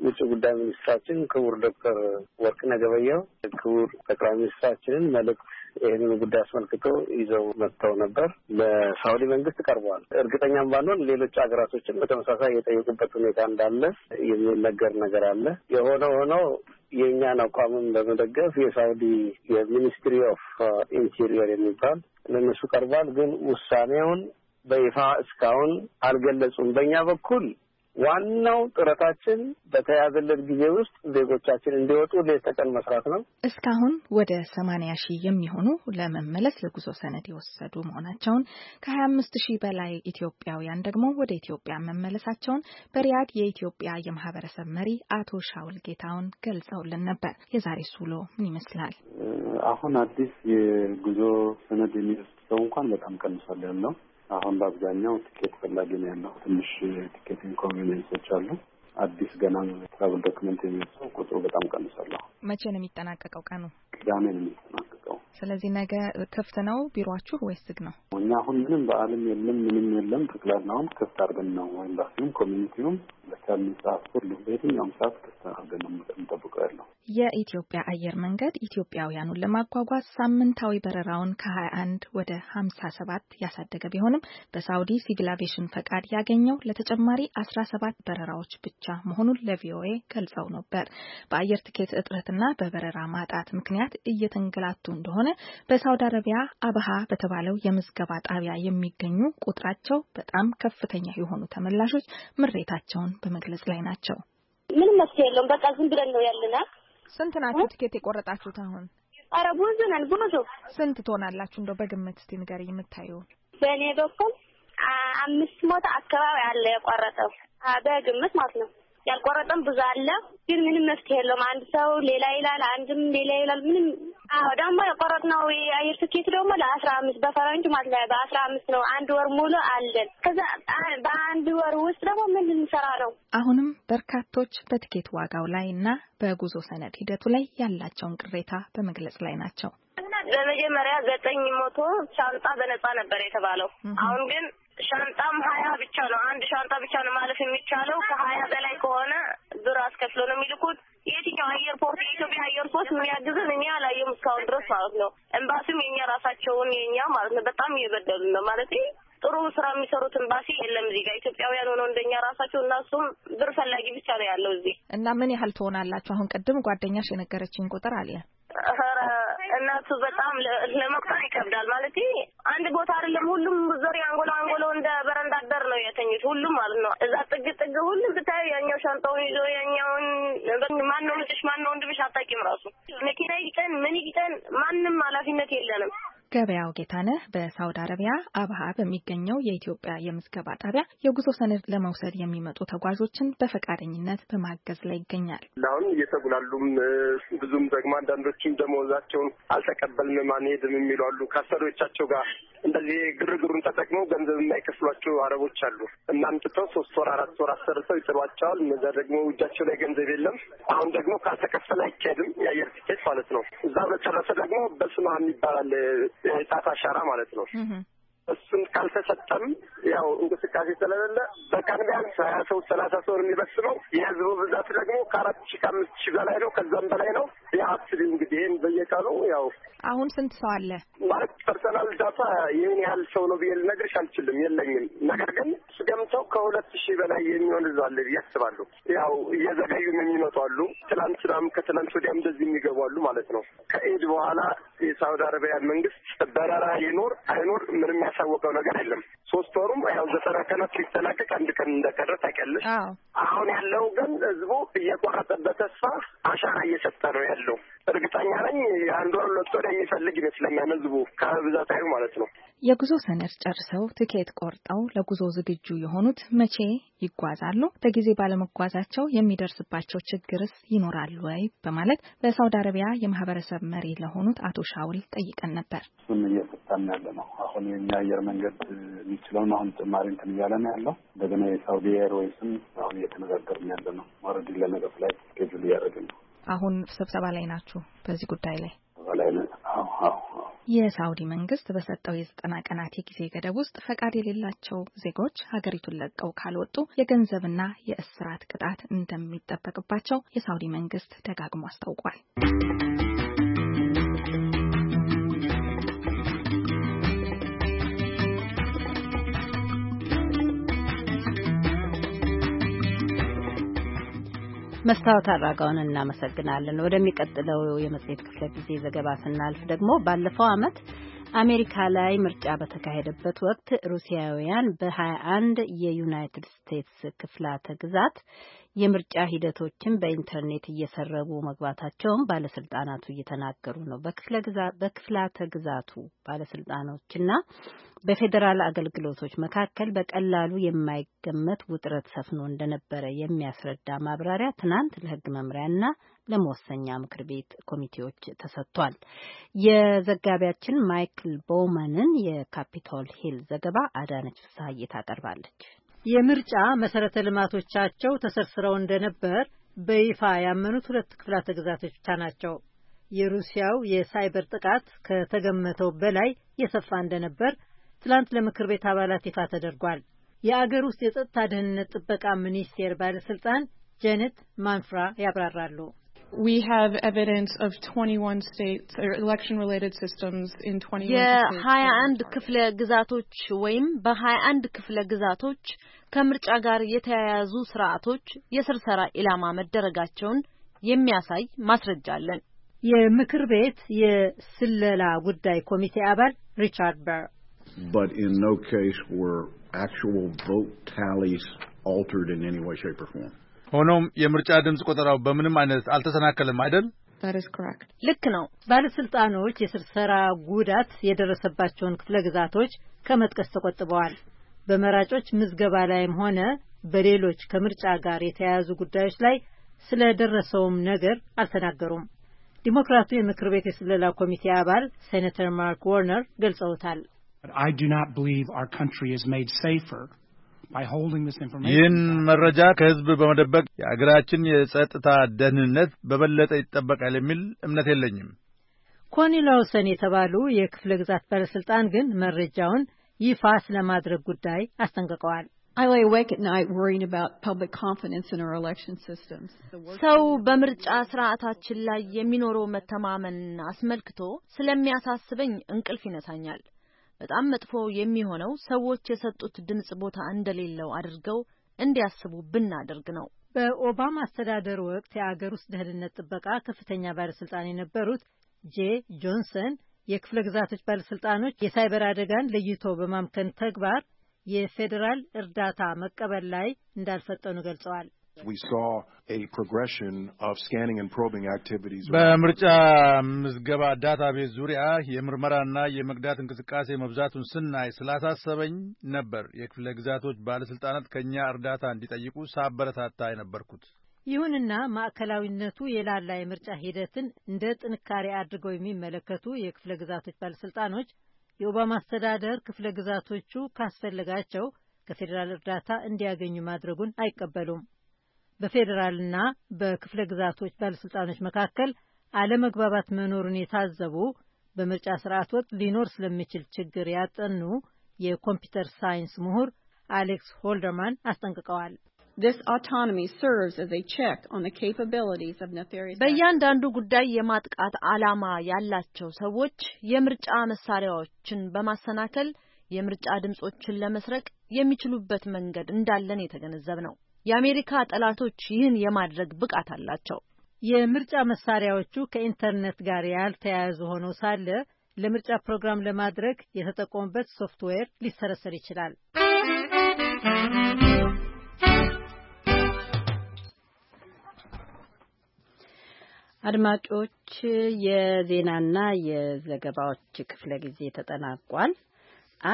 ውጭ ጉዳይ ሚኒስትራችን ክቡር ዶክተር ወርቅነህ ገበየሁ ክቡር ጠቅላይ ሚኒስትራችንን መልእክት ይህንን ጉዳይ አስመልክቶ ይዘው መጥተው ነበር። ለሳውዲ መንግስት ቀርበዋል። እርግጠኛም ባንሆን ሌሎች ሀገራቶችን በተመሳሳይ የጠየቁበት ሁኔታ እንዳለ የሚነገር ነገር አለ። የሆነ ሆኖ የእኛን አቋምም በመደገፍ የሳውዲ የሚኒስትሪ ኦፍ ኢንቴሪየር የሚባል ለእነሱ ቀርቧል። ግን ውሳኔውን በይፋ እስካሁን አልገለጹም። በእኛ በኩል ዋናው ጥረታችን በተያዘለት ጊዜ ውስጥ ዜጎቻችን እንዲወጡ ሌት ተቀን መስራት ነው። እስካሁን ወደ ሰማንያ ሺህ የሚሆኑ ለመመለስ የጉዞ ሰነድ የወሰዱ መሆናቸውን ከሀያ አምስት ሺህ በላይ ኢትዮጵያውያን ደግሞ ወደ ኢትዮጵያ መመለሳቸውን በሪያድ የኢትዮጵያ የማህበረሰብ መሪ አቶ ሻውል ጌታውን ገልጸውልን ነበር። የዛሬ ሱሎ ምን ይመስላል? አሁን አዲስ የጉዞ ሰነድ የሚወስድ ሰው እንኳን በጣም ቀንሷል ያለው አሁን በአብዛኛው ቲኬት ፈላጊ ነው ያለው። ትንሽ ቲኬት ኢንኮንቬኒንሶች አሉ። አዲስ ገና ትራቭል ዶክመንት የሚወጣው ቁጥሩ በጣም ቀንሷል። መቼ ነው የሚጠናቀቀው? ቀኑ ቅዳሜ ነው የሚጠናቀቀው። ስለዚህ ነገ ክፍት ነው ቢሮችሁ ወይስ ዝግ ነው? እኛ አሁን ምንም በዓልም የለም ምንም የለም። ጠቅላላውን ክፍት አድርገን ነው ኤምባሲውም ኮሚኒቲውም ሁሉ በየትኛውም ሰዓት ያለው። የኢትዮጵያ አየር መንገድ ኢትዮጵያውያኑን ለማጓጓዝ ሳምንታዊ በረራውን ከ21 ወደ 57 ያሳደገ ቢሆንም በሳውዲ ሲቪል ፈቃድ ያገኘው ለተጨማሪ 17 በረራዎች ብቻ መሆኑን ለቪኦኤ ገልጸው ነበር። በአየር ትኬት እጥረትና በበረራ ማጣት ምክንያት እየተንገላቱ እንደሆነ በሳውዲ አረቢያ አብሃ በተባለው የምዝገባ ጣቢያ የሚገኙ ቁጥራቸው በጣም ከፍተኛ የሆኑ ተመላሾች ምሬታቸውን በመግለጽ ላይ ናቸው። ምንም መፍትሄ የለውም። በቃ ዝም ብለን ነው ያለና። ስንት ናችሁ ቲኬት የቆረጣችሁት አሁን? አረ ብዙ ነን፣ ብዙ ስንት ትሆናላችሁ? እንደው በግምት እስቲ ንገር የምታየው። በእኔ በኩል አምስት ሞታ አካባቢ አለ የቆረጠው በግምት ማለት ነው። ያልቆረጠም ብዙ አለ። ግን ምንም መፍትሄ የለውም። አንድ ሰው ሌላ ይላል፣ አንድም ሌላ ይላል። ምንም አዎ፣ ደግሞ የቆረጥነው የአየር ትኬት ደግሞ ለአስራ አምስት በፈረንጅ ማለት ላይ በአስራ አምስት ነው። አንድ ወር ሙሉ አለን። ከዛ በአንድ ወር ውስጥ ደግሞ ምን ልንሰራ ነው? አሁንም በርካቶች በትኬት ዋጋው ላይ እና በጉዞ ሰነድ ሂደቱ ላይ ያላቸውን ቅሬታ በመግለጽ ላይ ናቸው። በመጀመሪያ ዘጠኝ መቶ ሻንጣ በነጻ ነበር የተባለው። አሁን ግን ሻንጣም ሀያ ብቻ ነው። አንድ ሻንጣ ብቻ ነው ማለፍ የሚቻለው። ከሀያ በላይ ከሆነ ብር አስከፍሎ ነው የሚልኩት። የትኛው አየር ፖርት የኢትዮጵያ አየር ፖርት የሚያግዝን እኔ አላየሁም እስካሁን ድረስ ማለት ነው። ኤምባሲም የኛ ራሳቸውን የኛ ማለት ነው በጣም እየበደሉ ነው ማለት ጥሩ ስራ የሚሰሩት ኤምባሲ የለም እዚህ ጋር ኢትዮጵያውያን ሆነው እንደኛ ራሳቸው እና ብር ፈላጊ ብቻ ነው ያለው እዚህ እና ምን ያህል ትሆናላችሁ? አሁን ቅድም ጓደኛሽ የነገረችኝ ቁጥር አለ እነሱ በጣም ለመቁጠር ይከብዳል። ማለት አንድ ቦታ አይደለም ሁሉም ዞር አንጎሎ አንጎሎ እንደ በረንዳ አደር ነው የተኙት ሁሉም ማለት ነው። እዛ ጥግ ጥግ ሁሉም ብታዩ ያኛው ሻንጣውን ይዞ ያኛውን ማን ነው ልጅሽ ማን ነው ወንድምሽ አታውቂም። ራሱ መኪና ይጠን ምን ይጠን ማንም ኃላፊነት የለንም። ገበያው ጌታነህ በሳውዲ አረቢያ አብሃ በሚገኘው የኢትዮጵያ የምዝገባ ጣቢያ የጉዞ ሰነድ ለመውሰድ የሚመጡ ተጓዦችን በፈቃደኝነት በማገዝ ላይ ይገኛል። አሁን እየተጉላሉም ብዙም ደግሞ አንዳንዶችም ደሞዛቸውን አልተቀበልም አንሄድም የሚሉ አሉ። ከአሰሪዎቻቸው ጋር እንደዚህ ግርግሩን ተጠቅመው ገንዘብ የማይከፍሏቸው አረቦች አሉ። እናምጥተው ሶስት ወር አራት ወር አሰርተው ይጥሏቸዋል። እነዛ ደግሞ እጃቸው ላይ ገንዘብ የለም። አሁን ደግሞ ካልተከፈለ አይካሄድም የአየር ትኬት ማለት ነው። እዛ በተረፈ ደግሞ በስማ የሚባላል ጣት አሻራ ማለት ነው። እሱን ካልተሰጠም ያው እንቅስቃሴ ስለሌለ በቀን ቢያንስ ሀያ ሰው ሰላሳ ሰው የሚበስበው የህዝቡ ብዛት ደግሞ ከአራት ሺ ከአምስት ሺ በላይ ነው፣ ከዛም በላይ ነው። የአብስል እንግዲህ ይህን በየቀኑ ያው አሁን ስንት ሰው አለ ማለት ፐርሰናል ዳታ ይህን ያህል ሰው ነው ብዬ ልነግርሽ አልችልም፣ የለኝም። ነገር ግን ስገምተው ከሁለት ሺህ በላይ የሚሆን ህዝብ አለ ብዬ አስባለሁ። ያው እየዘገዩም የሚመጡ አሉ። ትላንትናም ከትላንት ወዲያም እንደዚህ የሚገቡ አሉ ማለት ነው። ከኢድ በኋላ የሳውዲ አረቢያ መንግስት በረራ ይኖር አይኖር ምንም ያሳወቀው ነገር የለም። ሶስት ወሩም ያው ዘጠና ቀናት ሊጠናቀቅ አንድ ቀን እንደቀረ ታውቂያለሽ። አሁን ያለው ግን ህዝቡ እየቆረጠበት ተስፋ አሻራ እየሰጠ ነው ያለው። እርግጠኛ ነኝ አንድ ወር ሁለት ወር የሚፈልግ ይመስለኛል ህዝቡ ከብዛት አይሉ ማለት ነው። የጉዞ ሰነድ ጨርሰው ትኬት ቆርጠው ለጉዞ ዝግጁ የሆኑት መቼ ይጓዛሉ? በጊዜ ባለመጓዛቸው የሚደርስባቸው ችግርስ ይኖራል ወይ? በማለት በሳውዲ አረቢያ የማህበረሰብ መሪ ለሆኑት አቶ ሻውል ጠይቀን ነበር። እሱን እየፈታን ያለ ነው። አሁን የኛ አየር መንገድ የሚችለውን አሁን ጭማሪ እንትን እያለ ነው ያለው። እንደገና የሳውዲ ኤርዌይስም አሁን እየተነጋገርን ያለ ነው። ማረዲ ለነገፍ ላይ ስኬጁል እያደረግን ነው አሁን ስብሰባ ላይ ናችሁ በዚህ ጉዳይ ላይ? የሳውዲ መንግስት በሰጠው የዘጠና ቀናት የጊዜ ገደብ ውስጥ ፈቃድ የሌላቸው ዜጎች ሀገሪቱን ለቀው ካልወጡ የገንዘብና የእስራት ቅጣት እንደሚጠበቅባቸው የሳውዲ መንግስት ደጋግሞ አስታውቋል። መስታወት አራጋውን እናመሰግናለን። ወደሚቀጥለው የመጽሔት ክፍለ ጊዜ ዘገባ ስናልፍ ደግሞ ባለፈው ዓመት አሜሪካ ላይ ምርጫ በተካሄደበት ወቅት ሩሲያውያን በ21 የዩናይትድ ስቴትስ ክፍላተ ግዛት የምርጫ ሂደቶችን በኢንተርኔት እየሰረቡ መግባታቸውን ባለስልጣናቱ እየተናገሩ ነው። በክፍላተ ግዛቱ ባለስልጣኖችና በፌዴራል አገልግሎቶች መካከል በቀላሉ የማይገመት ውጥረት ሰፍኖ እንደነበረ የሚያስረዳ ማብራሪያ ትናንት ለህግ መምሪያና ለመወሰኛ ምክር ቤት ኮሚቴዎች ተሰጥቷል። የዘጋቢያችን ማይክል ቦውመንን የካፒቶል ሂል ዘገባ አዳነች ፍስሀዬ ታቀርባለች። የምርጫ መሰረተ ልማቶቻቸው ተሰርስረው እንደነበር በይፋ ያመኑት ሁለት ክፍላተ ግዛቶች ብቻ ናቸው። የሩሲያው የሳይበር ጥቃት ከተገመተው በላይ የሰፋ እንደነበር ትላንት ለምክር ቤት አባላት ይፋ ተደርጓል። የአገር ውስጥ የጸጥታ ደህንነት ጥበቃ ሚኒስቴር ባለስልጣን ጀነት ማንፍራ ያብራራሉ። we have evidence of 21 states or election related systems in 21 የ21 ክፍለ ግዛቶች ወይም በ21 ክፍለ ግዛቶች ከምርጫ ጋር የተያያዙ ስርዓቶች የስርሰራ ኢላማ መደረጋቸውን የሚያሳይ ማስረጃ አለን። የምክር ቤት የስለላ ጉዳይ ኮሚቴ አባል ሪቻርድ በር but in no case were actual vote tallies altered in any way shape or form ሆኖም የምርጫ ድምፅ ቆጠራው በምንም አይነት አልተሰናከለም አይደል? ልክ ነው። ባለስልጣኖች የስብሰራ ጉዳት የደረሰባቸውን ክፍለ ግዛቶች ከመጥቀስ ተቆጥበዋል። በመራጮች ምዝገባ ላይም ሆነ በሌሎች ከምርጫ ጋር የተያያዙ ጉዳዮች ላይ ስለደረሰውም ነገር አልተናገሩም። ዲሞክራቱ የምክር ቤት የስለላ ኮሚቴ አባል ሴኔተር ማርክ ዎርነር ገልጸውታል። ይህን መረጃ ከህዝብ በመደበቅ የአገራችን የጸጥታ ደህንነት በበለጠ ይጠበቃል የሚል እምነት የለኝም። ኮኒ ላውሰን የተባሉ የክፍለ ግዛት ባለሥልጣን ግን መረጃውን ይፋ ስለማድረግ ጉዳይ አስጠንቅቀዋል። ሰው በምርጫ ስርዓታችን ላይ የሚኖረው መተማመን አስመልክቶ ስለሚያሳስበኝ እንቅልፍ ይነሳኛል። በጣም መጥፎ የሚሆነው ሰዎች የሰጡት ድምጽ ቦታ እንደሌለው አድርገው እንዲያስቡ ብናደርግ ነው። በኦባማ አስተዳደር ወቅት የአገር ውስጥ ደህንነት ጥበቃ ከፍተኛ ባለስልጣን የነበሩት ጄ ጆንሰን የክፍለ ግዛቶች ባለስልጣኖች የሳይበር አደጋን ለይቶ በማምከን ተግባር የፌዴራል እርዳታ መቀበል ላይ እንዳልፈጠኑ ገልጸዋል። በምርጫ ምዝገባ ዳታ ቤት ዙሪያ የምርመራና የመቅዳት እንቅስቃሴ መብዛቱን ስናይ ስላሳሰበኝ ነበር የክፍለ ግዛቶች ባለሥልጣናት ከእኛ እርዳታ እንዲጠይቁ ሳበረታታ የነበርኩት። ይሁንና ማዕከላዊነቱ የላላ የምርጫ ሂደትን እንደ ጥንካሬ አድርገው የሚመለከቱ የክፍለ ግዛቶች ባለሥልጣኖች የኦባማ አስተዳደር ክፍለ ግዛቶቹ ካስፈለጋቸው ከፌዴራል እርዳታ እንዲያገኙ ማድረጉን አይቀበሉም። በፌዴራልና በክፍለ ግዛቶች ባለሥልጣኖች መካከል አለመግባባት መኖሩን የታዘቡ በምርጫ ስርዓት ወቅት ሊኖር ስለሚችል ችግር ያጠኑ የኮምፒውተር ሳይንስ ምሁር አሌክስ ሆልደርማን አስጠንቅቀዋል። በእያንዳንዱ ጉዳይ የማጥቃት ዓላማ ያላቸው ሰዎች የምርጫ መሳሪያዎችን በማሰናከል የምርጫ ድምጾችን ለመስረቅ የሚችሉበት መንገድ እንዳለን የተገነዘብ ነው። የአሜሪካ ጠላቶች ይህን የማድረግ ብቃት አላቸው። የምርጫ መሳሪያዎቹ ከኢንተርኔት ጋር ያልተያያዙ ሆነው ሳለ ለምርጫ ፕሮግራም ለማድረግ የተጠቆሙበት ሶፍትዌር ሊሰረሰር ይችላል። አድማጮች፣ የዜናና የዘገባዎች ክፍለ ጊዜ ተጠናቋል።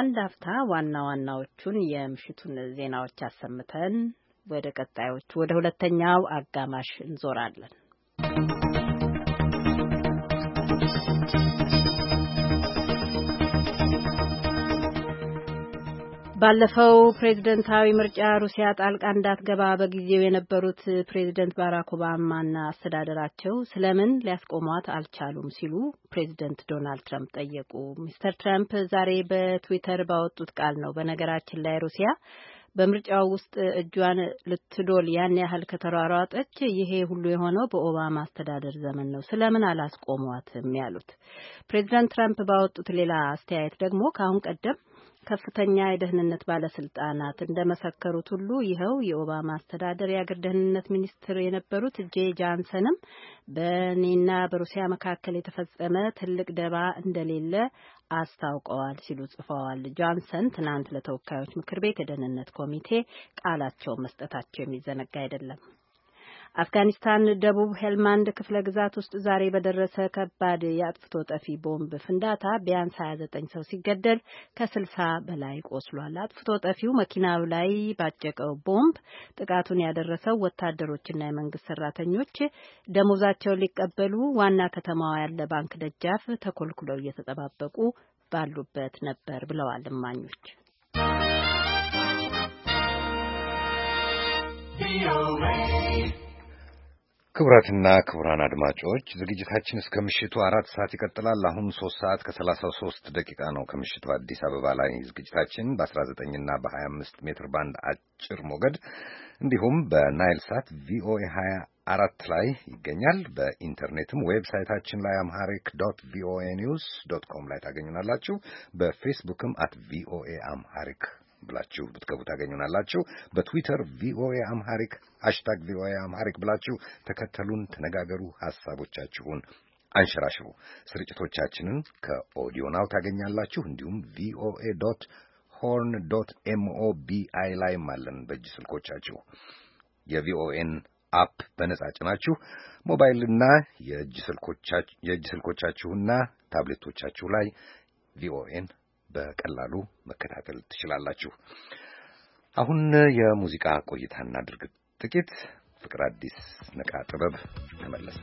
አንድ አፍታ ዋና ዋናዎቹን የምሽቱን ዜናዎች አሰምተን ወደ ቀጣዮቹ ወደ ሁለተኛው አጋማሽ እንዞራለን። ባለፈው ፕሬዝደንታዊ ምርጫ ሩሲያ ጣልቃ እንዳትገባ በጊዜው የነበሩት ፕሬዝደንት ባራክ ኦባማና አስተዳደራቸው ስለምን ሊያስቆሟት አልቻሉም ሲሉ ፕሬዝደንት ዶናልድ ትራምፕ ጠየቁ። ሚስተር ትራምፕ ዛሬ በትዊተር ባወጡት ቃል ነው። በነገራችን ላይ ሩሲያ በምርጫው ውስጥ እጇን ልትዶል ያን ያህል ከተሯሯጠች ይሄ ሁሉ የሆነው በኦባማ አስተዳደር ዘመን ነው፣ ስለምን አላስቆሟትም? ያሉት ፕሬዚዳንት ትራምፕ ባወጡት ሌላ አስተያየት ደግሞ ከአሁን ቀደም ከፍተኛ የደህንነት ባለስልጣናት እንደመሰከሩት ሁሉ ይኸው የኦባማ አስተዳደር የአገር ደህንነት ሚኒስትር የነበሩት ጄ ጃንሰንም በእኔና በሩሲያ መካከል የተፈጸመ ትልቅ ደባ እንደሌለ አስታውቀዋል ሲሉ ጽፈዋል። ጃንሰን ትናንት ለተወካዮች ምክር ቤት የደህንነት ኮሚቴ ቃላቸውን መስጠታቸው የሚዘነጋ አይደለም። አፍጋኒስታን ደቡብ ሄልማንድ ክፍለ ግዛት ውስጥ ዛሬ በደረሰ ከባድ የአጥፍቶ ጠፊ ቦምብ ፍንዳታ ቢያንስ 29 ሰው ሲገደል ከ60 በላይ ቆስሏል። አጥፍቶ ጠፊው መኪናው ላይ ባጨቀው ቦምብ ጥቃቱን ያደረሰው ወታደሮችና የመንግስት ሰራተኞች ደሞዛቸውን ሊቀበሉ ዋና ከተማዋ ያለ ባንክ ደጃፍ ተኮልኩለው እየተጠባበቁ ባሉበት ነበር ብለዋል እማኞች። ክቡራትና ክቡራን አድማጮች ዝግጅታችን እስከ ምሽቱ አራት ሰዓት ይቀጥላል። አሁን ሶስት ሰዓት ከሰላሳ ሶስት ደቂቃ ነው ከምሽቱ አዲስ አበባ ላይ። ዝግጅታችን በአስራ ዘጠኝና በሀያ አምስት ሜትር ባንድ አጭር ሞገድ እንዲሁም በናይል ሳት ቪኦኤ ሀያ አራት ላይ ይገኛል። በኢንተርኔትም ዌብሳይታችን ላይ አምሃሪክ ዶት ቪኦኤ ኒውስ ዶት ኮም ላይ ታገኙናላችሁ። በፌስቡክም አት ቪኦኤ አምሃሪክ ብላችሁ ብትገቡ ታገኙናላችሁ። በትዊተር ቪኦኤ አምሃሪክ ሃሽታግ ቪኦኤ አምሃሪክ ብላችሁ ተከተሉን፣ ተነጋገሩ፣ ሐሳቦቻችሁን አንሸራሽሩ። ስርጭቶቻችንን ከኦዲዮ ናው ታገኛላችሁ። እንዲሁም ቪኦኤ ዶት ሆርን ዶት ኤምኦቢአይ ላይም አለን በእጅ ስልኮቻችሁ የቪኦኤን አፕ በነጻ ጭናችሁ ሞባይልና የእጅ ስልኮቻችሁና ታብሌቶቻችሁ ላይ ቪኦኤን በቀላሉ መከታተል ትችላላችሁ። አሁን የሙዚቃ ቆይታ እናድርግ። ጥቂት ፍቅር አዲስ ነቃ ጥበብ ተመለሰ።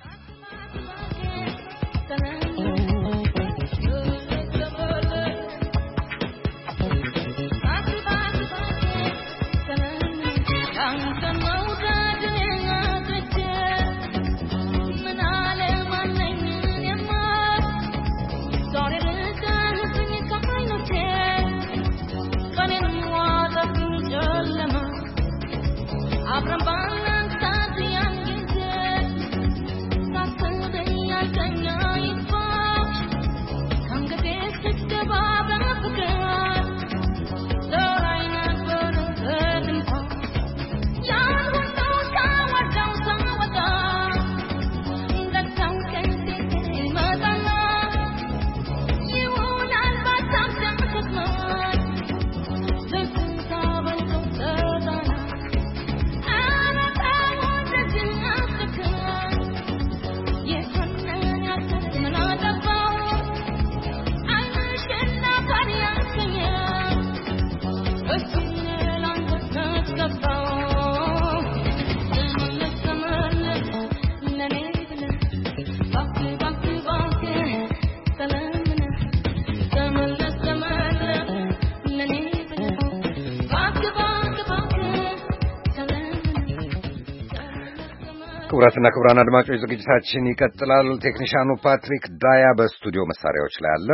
ክቡራትና ክቡራን አድማጮች ዝግጅታችን ይቀጥላል። ቴክኒሻኑ ፓትሪክ ዳያ በስቱዲዮ መሳሪያዎች ላይ አለ።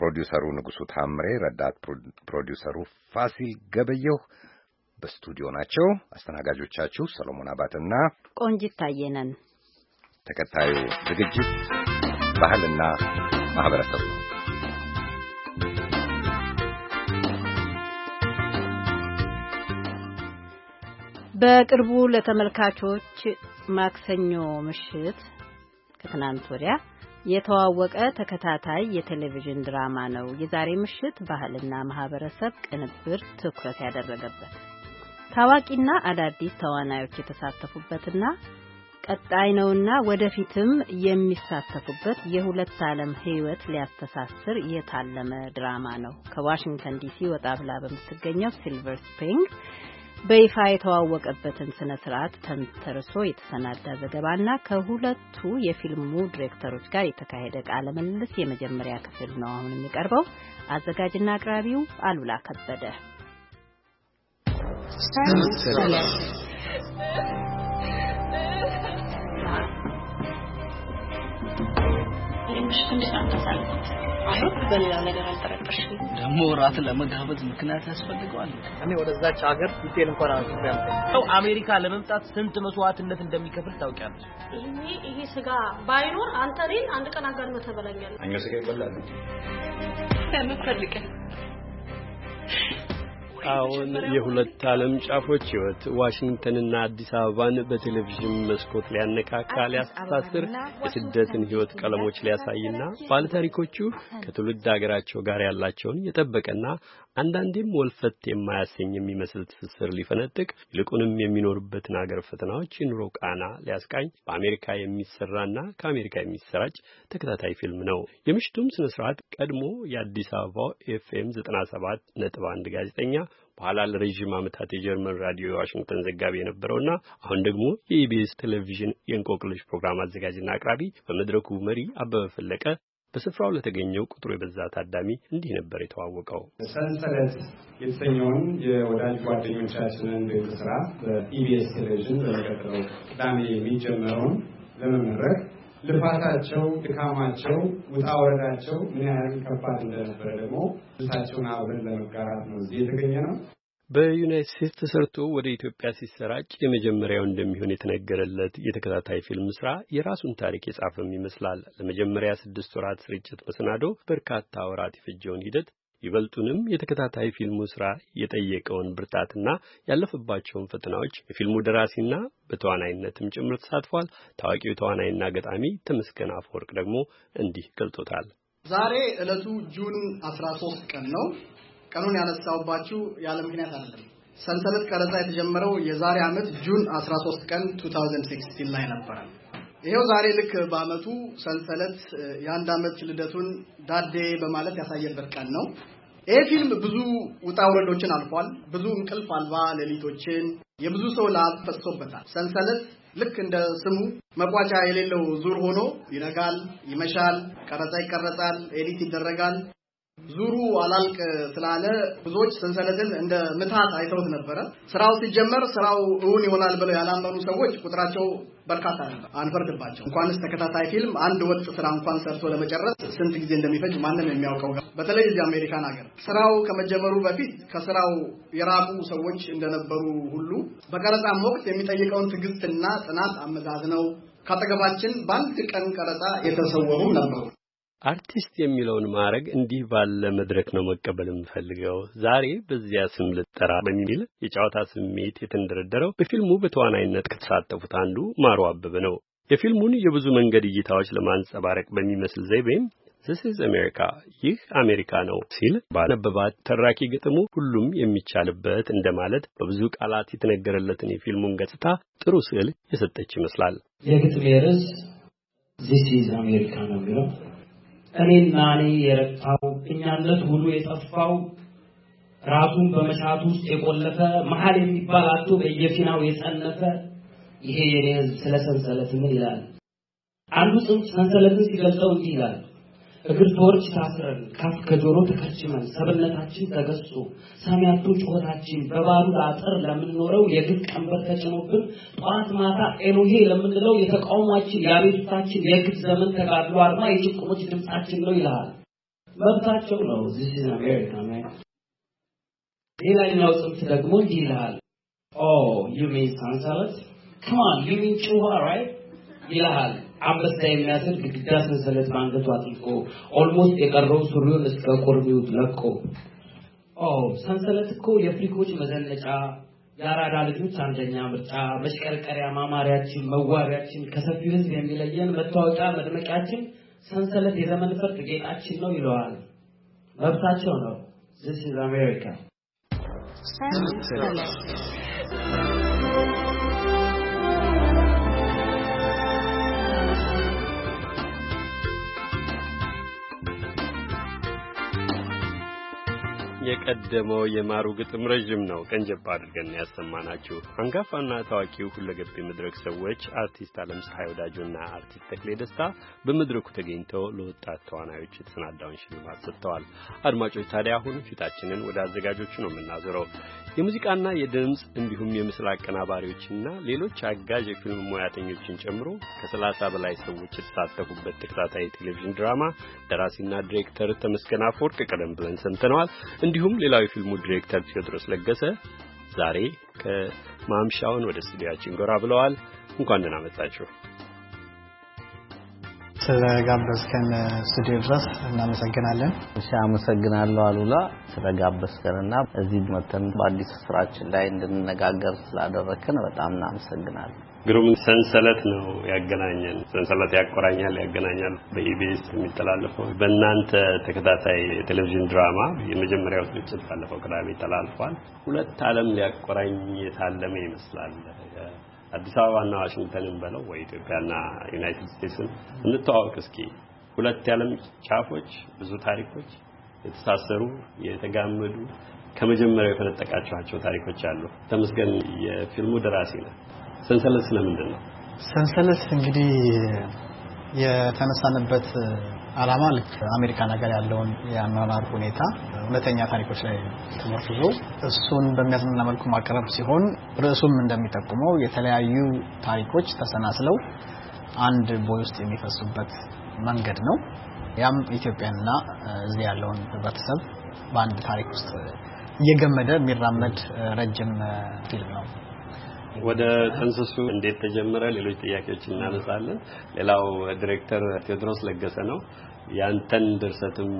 ፕሮዲውሰሩ ንጉሱ ታምሬ፣ ረዳት ፕሮዲውሰሩ ፋሲል ገበየሁ በስቱዲዮ ናቸው። አስተናጋጆቻችሁ ሰሎሞን አባትና ቆንጂት ታየነን። ተከታዩ ዝግጅት ባህልና ማህበረሰብ ነው። በቅርቡ ለተመልካቾች ማክሰኞ ምሽት ከትናንት ወዲያ የተዋወቀ ተከታታይ የቴሌቪዥን ድራማ ነው። የዛሬ ምሽት ባህልና ማህበረሰብ ቅንብር ትኩረት ያደረገበት ታዋቂና አዳዲስ ተዋናዮች የተሳተፉበትና ቀጣይ ነውና ወደፊትም የሚሳተፉበት የሁለት ዓለም ሕይወት ሊያስተሳስር የታለመ ድራማ ነው። ከዋሽንግተን ዲሲ ወጣ ብላ በምትገኘው ሲልቨር ስፕሪንግ በይፋ የተዋወቀበትን ስነ ስርዓት ተንተርሶ የተሰናዳ ዘገባና ከሁለቱ የፊልሙ ዲሬክተሮች ጋር የተካሄደ ቃለ ምልልስ የመጀመሪያ ክፍል ነው አሁን የሚቀርበው። አዘጋጅና አቅራቢው አሉላ ከበደ። ምሽት እንዴት ነው የምታሳልፉት? አሁን በሌላ ነገር አልጠረጠርሽም። ደግሞ ለመጋበዝ ምክንያት ያስፈልገዋል። እኔ ወደዛች ሀገር ቢጤል እንኳን አልተባለ ሰው አሜሪካ ለመምጣት ስንት መስዋዕትነት እንደሚከፍል ታውቂያለሽ። ይሄ ይሄ ስጋ ባይኖር አንተ እኔን አንድ ቀን አጋር ትበላኛለህ። እኛ ስጋ ይበላል ለምን ፈልገህ አሁን የሁለት ዓለም ጫፎች ሕይወት ዋሽንግተንና አዲስ አበባን በቴሌቪዥን መስኮት ሊያነካካ ሊያስተሳስር የስደትን ሕይወት ቀለሞች ሊያሳይና ባለታሪኮቹ ከትውልድ አገራቸው ጋር ያላቸውን የጠበቀና አንዳንዴም ወልፈት የማያሰኝ የሚመስል ትስስር ሊፈነጥቅ ይልቁንም የሚኖርበትን አገር ፈተናዎች የኑሮ ቃና ሊያስቃኝ በአሜሪካ የሚሰራና ከአሜሪካ የሚሰራጭ ተከታታይ ፊልም ነው። የምሽቱም ስነ ስርዓት ቀድሞ የአዲስ አበባው ኤፍኤም 97 ነጥብ 1 ጋዜጠኛ በኋላ ለረዥም ዓመታት የጀርመን ራዲዮ የዋሽንግተን ዘጋቢ የነበረውና አሁን ደግሞ የኢቢኤስ ቴሌቪዥን የእንቆቅልሽ ፕሮግራም አዘጋጅና አቅራቢ በመድረኩ መሪ አበበ ፈለቀ በስፍራው ለተገኘው ቁጥሩ የበዛ ታዳሚ እንዲህ ነበር የተዋወቀው። ሰንሰለት የተሰኘውን የወዳጅ ጓደኞቻችንን ቤት ስራ በኢቢኤስ ቴሌቪዥን በሚቀጥለው ቅዳሜ የሚጀመረውን ለመመረቅ ልፋታቸው፣ ድካማቸው፣ ውጣ ወረዳቸው ምን ያህል ከባድ እንደነበረ ደግሞ ልሳቸውን አብረን ለመጋራት ነው እዚህ የተገኘ ነው። በዩናይት ስቴትስ ተሰርቶ ወደ ኢትዮጵያ ሲሰራጭ የመጀመሪያው እንደሚሆን የተነገረለት የተከታታይ ፊልም ስራ የራሱን ታሪክ የጻፈም ይመስላል። ለመጀመሪያ ስድስት ወራት ስርጭት መሰናዶ በርካታ ወራት የፈጀውን ሂደት ይበልጡንም የተከታታይ ፊልሙ ስራ የጠየቀውን ብርታትና ያለፈባቸውን ፈተናዎች የፊልሙ ደራሲና በተዋናይነትም ጭምር ተሳትፏል። ታዋቂው ተዋናይና ገጣሚ ተመስገን አፈወርቅ ደግሞ እንዲህ ገልጦታል። ዛሬ ዕለቱ ጁን ሶስት ቀን ነው። ቀኑን ያነሳውባችሁ ያለ ምክንያት አይደለም። ሰንሰለት ቀረጻ የተጀመረው የዛሬ ዓመት ጁን 13 ቀን 2016 ላይ ነበረ። ይሄው ዛሬ ልክ በአመቱ ሰንሰለት የአንድ ዓመት ልደቱን ዳዴ በማለት ያሳየበት ቀን ነው። ይህ ፊልም ብዙ ውጣ ውረዶችን አልፏል። ብዙ እንቅልፍ አልባ ሌሊቶችን የብዙ ሰው ላብ ፈሶበታል። ሰንሰለት ልክ እንደ ስሙ መቋጫ የሌለው ዙር ሆኖ ይነጋል፣ ይመሻል፣ ቀረጻ ይቀረጻል፣ ኤዲት ይደረጋል፣ ዙሩ አላልቅ ስላለ ብዙዎች ሰንሰለትን እንደ ምታት አይተውት ነበረ። ስራው ሲጀመር ስራው እውን ይሆናል ብለው ያላመኑ ሰዎች ቁጥራቸው በርካታ ነበር። አንፈርድባቸው። እንኳንስ ተከታታይ ፊልም አንድ ወጥ ስራ እንኳን ሰርቶ ለመጨረስ ስንት ጊዜ እንደሚፈጅ ማንም የሚያውቀው ጋር በተለይ እዚህ አሜሪካን ሀገር ስራው ከመጀመሩ በፊት ከስራው የራቁ ሰዎች እንደነበሩ ሁሉ በቀረጻም ወቅት የሚጠይቀውን ትዕግስትና ጥናት አመዛዝነው ካጠገባችን በአንድ ቀን ቀረጻ የተሰወሩም ነበሩ። አርቲስት የሚለውን ማዕረግ እንዲህ ባለ መድረክ ነው መቀበል የምፈልገው፣ ዛሬ በዚያ ስም ልጠራ በሚል የጨዋታ ስሜት የተንደረደረው በፊልሙ በተዋናይነት ከተሳተፉት አንዱ ማሩ አበበ ነው። የፊልሙን የብዙ መንገድ እይታዎች ለማንጸባረቅ በሚመስል ዘይቤም ዚስ ኢዝ አሜሪካ ይህ አሜሪካ ነው ሲል ባነበባት ተራኪ ግጥሙ ሁሉም የሚቻልበት እንደማለት በብዙ ቃላት የተነገረለትን የፊልሙን ገጽታ ጥሩ ስዕል የሰጠች ይመስላል። የግጥሜ ርዕስ ዚስ ኢዝ አሜሪካ ነው የሚለው እኔና እኔ የረታው እኛነት ሁሉ የጠፋው ራሱን በመሻት ውስጥ የቆለፈ መሀል የሚባል አቶ በየፊናው የጸነፈ ይሄ የኔ ህዝብ ስለ ሰንሰለት ምን ይላል? አንዱ ጽንፍ ሰንሰለትን ሲገልጸው እንዲህ ይላል እግር ተወርች ታስረን ካፍ ከጆሮ ተከችመን ሰብነታችን ተገዝቶ ሰሚያቱ ጩኸታችን በባሉ አጥር ለምንኖረው የግፍ ቀንበር ተጭኖብን ጠዋት ማታ ኤሎሄ ለምንለው የተቃውሟችን የአቤቱታችን የግፍ ዘመን ተጋድሎ አርማ የጭቁኖች ድምፃችን ነው ይልሃል። መብታቸው ነው። ዚስ ኢዝ አሜሪካ ሌላኛው ጽንፍ ደግሞ እንዲህ ይልሃል። ኦ ዩ ሚን ሳንሰለት ከማን ዩ ሚን ጩኸ ራይት ይልሃል አንበሳ የሚያስር ግድግዳ ሰንሰለት በአንገቱ አጥልቆ ኦልሞስት የቀረው ሱሪውን እስከ ቁርቢው ለቆ። ሰንሰለት እኮ የፍሪኮች መዘነጫ፣ የአራዳ ልጆች አንደኛ ምርጫ፣ መሽቀርቀሪያ፣ ማማሪያችን፣ መዋቢያችን፣ ከሰፊው ህዝብ የሚለየን መታወቂያ መድመቂያችን፣ ሰንሰለት የዘመን ፍርድ ጌጣችን ነው ይለዋል። መብታቸው ነው። ዚስ ኢዝ አሜሪካ። የቀደመው የማሩ ግጥም ረዥም ነው። ቀንጀባ አድርገን ያሰማናችሁ አንጋፋና ታዋቂው ሁለገብ የመድረክ ሰዎች አርቲስት አለም ፀሐይ ወዳጆና አርቲስት ተክሌ ደስታ በመድረኩ ተገኝተው ለወጣት ተዋናዮች የተሰናዳውን ሽልማት ሰጥተዋል። አድማጮች ታዲያ አሁን ፊታችንን ወደ አዘጋጆቹ ነው የምናዞረው። የሙዚቃና የድምፅ እንዲሁም የምስል አቀናባሪዎችና ሌሎች አጋዥ የፊልም ሙያተኞችን ጨምሮ ከሰላሳ በላይ ሰዎች የተሳተፉበት ተከታታይ የቴሌቪዥን ድራማ ደራሲና ዲሬክተር ተመስገን አፈወርቅ ቀደም ብለን ሰምተነዋል እንዲሁ እንዲሁም ሌላው የፊልሙ ዲሬክተር ቴዎድሮስ ለገሰ ዛሬ ከማምሻውን ወደ ስቱዲያችን ጎራ ብለዋል። እንኳን ደህና መጣችሁ። ስለጋበዝከን ስቱዲዮ ድረስ እናመሰግናለን። እሺ፣ አመሰግናለሁ አሉላ ስለጋበዝከንና እዚህ መተን በአዲስ ስራችን ላይ እንድንነጋገር ስላደረግከን በጣም እናመሰግናለን። ግሩም ሰንሰለት ነው ያገናኘን። ሰንሰለት ያቆራኛል፣ ያገናኛል። በኢቢኤስ የሚተላለፈው በእናንተ ተከታታይ የቴሌቪዥን ድራማ የመጀመሪያው ስርጭት ባለፈው ቅዳሜ ተላልፏል። ሁለት ዓለም ሊያቆራኝ የታለመ ይመስላል። አዲስ አበባና ዋሽንግተንን በለው ወይ ኢትዮጵያና ዩናይትድ ስቴትስን እንተዋወቅ እስኪ። ሁለት የዓለም ጫፎች፣ ብዙ ታሪኮች የተሳሰሩ የተጋመዱ ከመጀመሪያው የፈነጠቃቸኋቸው ታሪኮች አሉ። ተመስገን የፊልሙ ደራሲ ነው። ሰንሰለት ስለምንድን ነው? ሰንሰለት እንግዲህ የተነሳንበት ዓላማ ልክ አሜሪካን ሀገር ያለውን የአኗኗር ሁኔታ እውነተኛ ታሪኮች ላይ ተመርኩዞ እሱን በሚያዝናና መልኩ ማቀረብ ሲሆን ርዕሱም እንደሚጠቁመው የተለያዩ ታሪኮች ተሰናስለው አንድ ቦይ ውስጥ የሚፈሱበት መንገድ ነው። ያም ኢትዮጵያንና እዚህ ያለውን ህብረተሰብ በአንድ ታሪክ ውስጥ እየገመደ የሚራመድ ረጅም ፊልም ነው። ወደ ጥንስሱ እንዴት ተጀመረ ሌሎች ጥያቄዎች እናነሳለን። ሌላው ዲሬክተር ቴዎድሮስ ለገሰ ነው። ያንተን ድርሰትም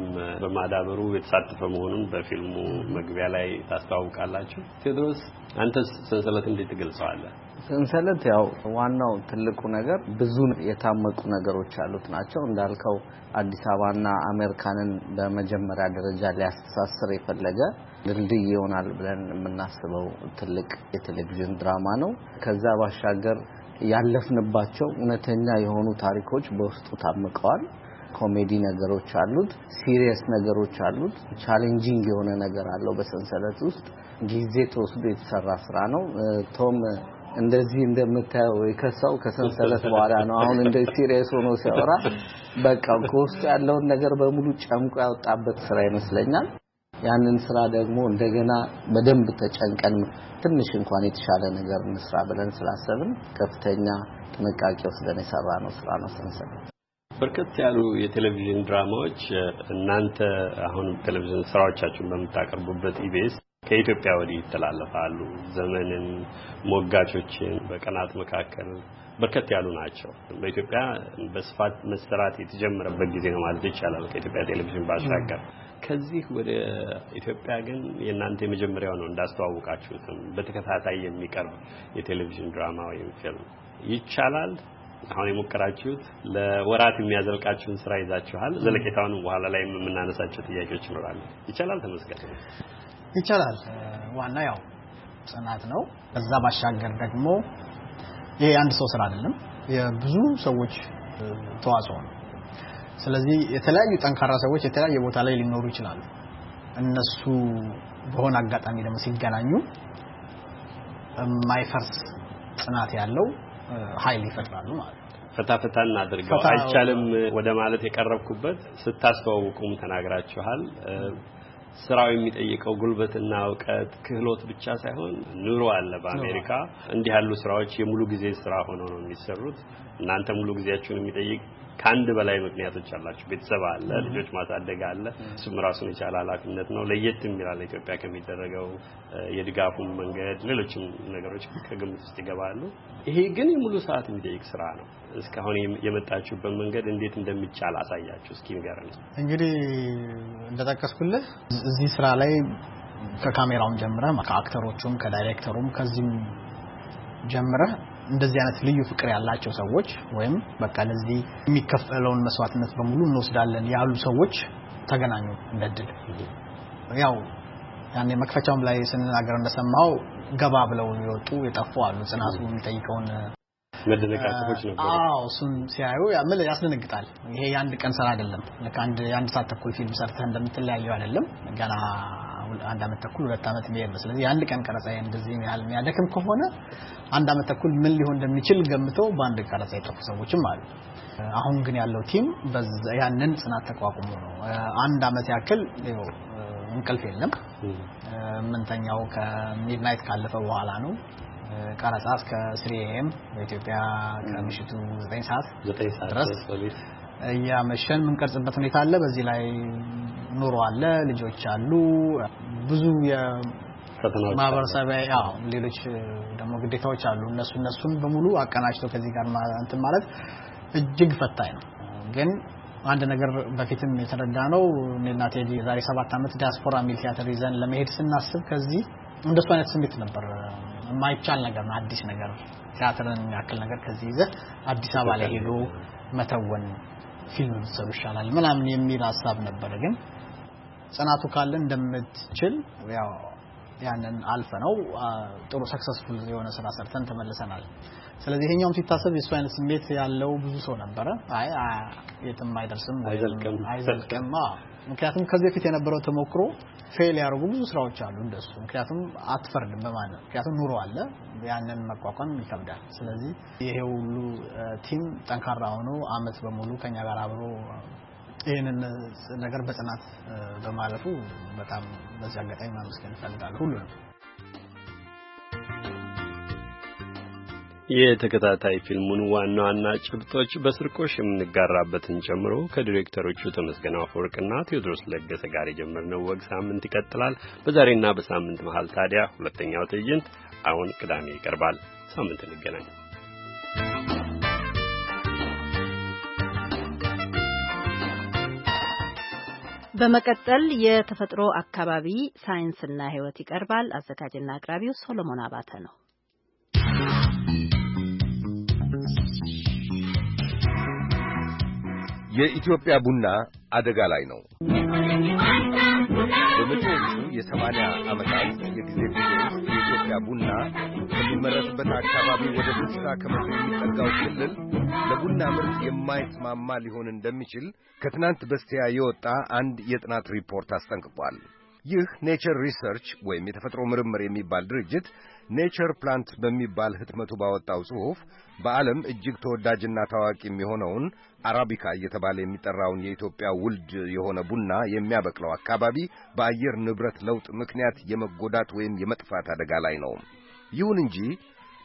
በማዳበሩ የተሳተፈ መሆኑን በፊልሙ መግቢያ ላይ ታስተዋውቃላችሁ። ቴዎድሮስ፣ አንተ ሰንሰለት እንዴት ትገልጸዋለህ? ሰንሰለት ያው ዋናው ትልቁ ነገር ብዙ የታመቁ ነገሮች ያሉት ናቸው። እንዳልከው አዲስ አበባና አሜሪካንን በመጀመሪያ ደረጃ ሊያስተሳስር የፈለገ ድልድይ ይሆናል ብለን የምናስበው ትልቅ የቴሌቪዥን ድራማ ነው። ከዛ ባሻገር ያለፍንባቸው እውነተኛ የሆኑ ታሪኮች በውስጡ ታምቀዋል። ኮሜዲ ነገሮች አሉት፣ ሲሪየስ ነገሮች አሉት፣ ቻሌንጂንግ የሆነ ነገር አለው። በሰንሰለት ውስጥ ጊዜ ተወስዶ የተሰራ ስራ ነው። ቶም እንደዚህ እንደምታየው የከሳው ከሰንሰለት በኋላ ነው። አሁን እንደ ሲሪየስ ሆኖ ሲያወራ በቃ ከውስጡ ያለውን ነገር በሙሉ ጨምቆ ያወጣበት ስራ ይመስለኛል። ያንን ስራ ደግሞ እንደገና በደንብ ተጨንቀን ትንሽ እንኳን የተሻለ ነገር እንስራ ብለን ስላሰብን ከፍተኛ ጥንቃቄ ወስደን ነው ስራ ነው ሰንሰለት። በርከት ያሉ የቴሌቪዥን ድራማዎች እናንተ አሁን ቴሌቪዥን ስራዎቻችሁን በምታቀርቡበት ኢቢኤስ ከኢትዮጵያ ወዲህ ይተላለፋሉ። ዘመንን፣ ሞጋቾችን በቀናት መካከል በርከት ያሉ ናቸው። በኢትዮጵያ በስፋት መሰራት የተጀመረበት ጊዜ ነው ማለት ይቻላል ከኢትዮጵያ ቴሌቪዥን ባሻገር። ከዚህ ወደ ኢትዮጵያ ግን የእናንተ የመጀመሪያው ነው እንዳስተዋውቃችሁትም በተከታታይ የሚቀርብ የቴሌቪዥን ድራማ ወይም ፊልም ይቻላል አሁን የሞከራችሁት ለወራት የሚያዘልቃችሁን ስራ ይዛችኋል። ዘለቄታውን በኋላ ላይ የምናነሳቸው ጥያቄዎች ይኖራሉ። ይቻላል ተመስገን ይቻላል። ዋና ያው ጽናት ነው። ከዛ ባሻገር ደግሞ ይሄ አንድ ሰው ስራ አይደለም፣ የብዙ ሰዎች ተዋጽኦ ነው። ስለዚህ የተለያዩ ጠንካራ ሰዎች የተለያየ ቦታ ላይ ሊኖሩ ይችላሉ። እነሱ በሆነ አጋጣሚ ደግሞ ሲገናኙ የማይፈርስ ጽናት ያለው ኃይል ይፈጥራሉ ማለት ነው። ፈታ ፈታ እናድርገው አይቻልም ወደ ማለት የቀረብኩበት ስታስተዋውቁም ተናግራችኋል። ስራው የሚጠይቀው ጉልበትና እውቀት ክህሎት ብቻ ሳይሆን ኑሮ አለ። በአሜሪካ እንዲህ ያሉ ስራዎች የሙሉ ጊዜ ስራ ሆኖ ነው የሚሰሩት። እናንተ ሙሉ ጊዜያችሁን የሚጠይቅ ከአንድ በላይ ምክንያቶች አላችሁ። ቤተሰብ አለ፣ ልጆች ማሳደግ አለ። እሱም ራሱን የቻለ ኃላፊነት ነው። ለየት የሚላል ኢትዮጵያ ከሚደረገው የድጋፉን መንገድ፣ ሌሎችም ነገሮች ከግምት ውስጥ ይገባሉ። ይሄ ግን የሙሉ ሰዓት የሚጠይቅ ስራ ነው። እስካሁን የመጣችሁበት መንገድ እንዴት እንደሚቻል አሳያችሁ እስኪ ንገረን። እንግዲህ እንደጠቀስኩልህ እዚህ ስራ ላይ ከካሜራውም ጀምረ ከአክተሮቹም ከዳይሬክተሩም ከዚህም ጀምረህ እንደዚህ አይነት ልዩ ፍቅር ያላቸው ሰዎች ወይም በቃ ለዚህ የሚከፈለውን መስዋዕትነት በሙሉ እንወስዳለን ያሉ ሰዎች ተገናኙ እንደድል ያው ያኔ መክፈቻውም ላይ ስንናገር እንደሰማው ገባ ብለው የወጡ የጠፉ አሉ። ጽናቱ የሚጠይቀውን አዎ እሱን ሲያዩ ምን ያስደነግጣል። ይሄ የአንድ ቀን ስራ አይደለም። ልክ አንድ የአንድ ሰዓት ተኩል ፊልም ሰርተህ እንደምትለያየው አይደለም ገና አንድ አመት ተኩል ሁለት አመት የሚሄድ ነው። ስለዚህ የአንድ ቀን ቀረጻ እንደዚህ ያህል የሚያደክም ከሆነ አንድ አመት ተኩል ምን ሊሆን እንደሚችል ገምተው በአንድ ቀረጻ የጠፉ ሰዎችም አሉ። አሁን ግን ያለው ቲም በዛ ያንን ጽናት ተቋቁሞ ነው። አንድ አመት ያክል እንቅልፍ የለም። ምንተኛው ከሚድናይት ካለፈ በኋላ ነው። ቀረጻ እስከ 3 ኤም በኢትዮጵያ ከምሽቱ 9 ሰዓት ድረስ እያመሸን የምንቀርጽበት ሁኔታ አለ። በዚህ ላይ ኑሮ አለ፣ ልጆች አሉ፣ ብዙ ማህበረሰባዊ ሌሎች ደግሞ ግዴታዎች አሉ። እነሱ እነሱን በሙሉ አቀናጭቶ ከዚህ ጋር እንትን ማለት እጅግ ፈታኝ ነው። ግን አንድ ነገር በፊትም የተረዳ ነው። እኔና ቴዲ የዛሬ ሰባት ዓመት ዲያስፖራ የሚል ቲያትር ይዘን ለመሄድ ስናስብ ከዚህ እንደሱ አይነት ስሜት ነበር። የማይቻል ነገር ነው፣ አዲስ ነገር ቲያትርን የሚያክል ነገር ከዚህ ይዘ አዲስ አበባ ላይ ሄዶ መተወን ፊልም ብትሰሩ ይሻላል ምናምን የሚል ሀሳብ ነበረ። ግን ጽናቱ ካለ እንደምትችል ያው ያንን አልፈ ነው ጥሩ ሰክሰስፉል የሆነ ስራ ሰርተን ተመልሰናል። ስለዚህ ይሄኛውም ሲታሰብ የሱ አይነት ስሜት ያለው ብዙ ሰው ነበረ። አይ የትም አይደርስም አይዘልቅም ምክንያቱም ከዚህ በፊት የነበረው ተሞክሮ ፌል ያደርጉ ብዙ ስራዎች አሉ እንደሱ። ምክንያቱም አትፈርድም በማለት ምክንያቱም ኑሮ አለ፣ ያንን መቋቋም ይከብዳል። ስለዚህ ይሄ ሁሉ ቲም ጠንካራ ሆኖ አመት በሙሉ ከኛ ጋር አብሮ ይህንን ነገር በጽናት በማለፉ በጣም በዚህ አጋጣሚ ማመስገን ይፈልጋሉ ሁሉንም የተከታታይ ፊልሙን ዋና ዋና ጭብጦች በስርቆሽ የምንጋራበትን ጨምሮ ከዲሬክተሮቹ ተመስገን አፈወርቅና ቴዎድሮስ ለገሰ ጋር የጀመርነው ወግ ሳምንት ይቀጥላል። በዛሬና በሳምንት መሀል ታዲያ ሁለተኛው ትዕይንት አሁን ቅዳሜ ይቀርባል። ሳምንት እንገናኝ። በመቀጠል የተፈጥሮ አካባቢ ሳይንስና ሕይወት ይቀርባል። አዘጋጅና አቅራቢው ሶሎሞን አባተ ነው። የኢትዮጵያ ቡና አደጋ ላይ ነው። በመጪዎቹ የሰማንያ ዓመታት የጊዜ ጊዜ የኢትዮጵያ ቡና ከሚመረትበት አካባቢ ወደ ስልሳ ከመቶ የሚጠጋው ክልል ለቡና ምርት የማይስማማ ሊሆን እንደሚችል ከትናንት በስቲያ የወጣ አንድ የጥናት ሪፖርት አስጠንቅቋል። ይህ ኔቸር ሪሰርች ወይም የተፈጥሮ ምርምር የሚባል ድርጅት ኔቸር ፕላንት በሚባል ህትመቱ ባወጣው ጽሑፍ በዓለም እጅግ ተወዳጅና ታዋቂ የሚሆነውን አራቢካ እየተባለ የሚጠራውን የኢትዮጵያ ውልድ የሆነ ቡና የሚያበቅለው አካባቢ በአየር ንብረት ለውጥ ምክንያት የመጎዳት ወይም የመጥፋት አደጋ ላይ ነው። ይሁን እንጂ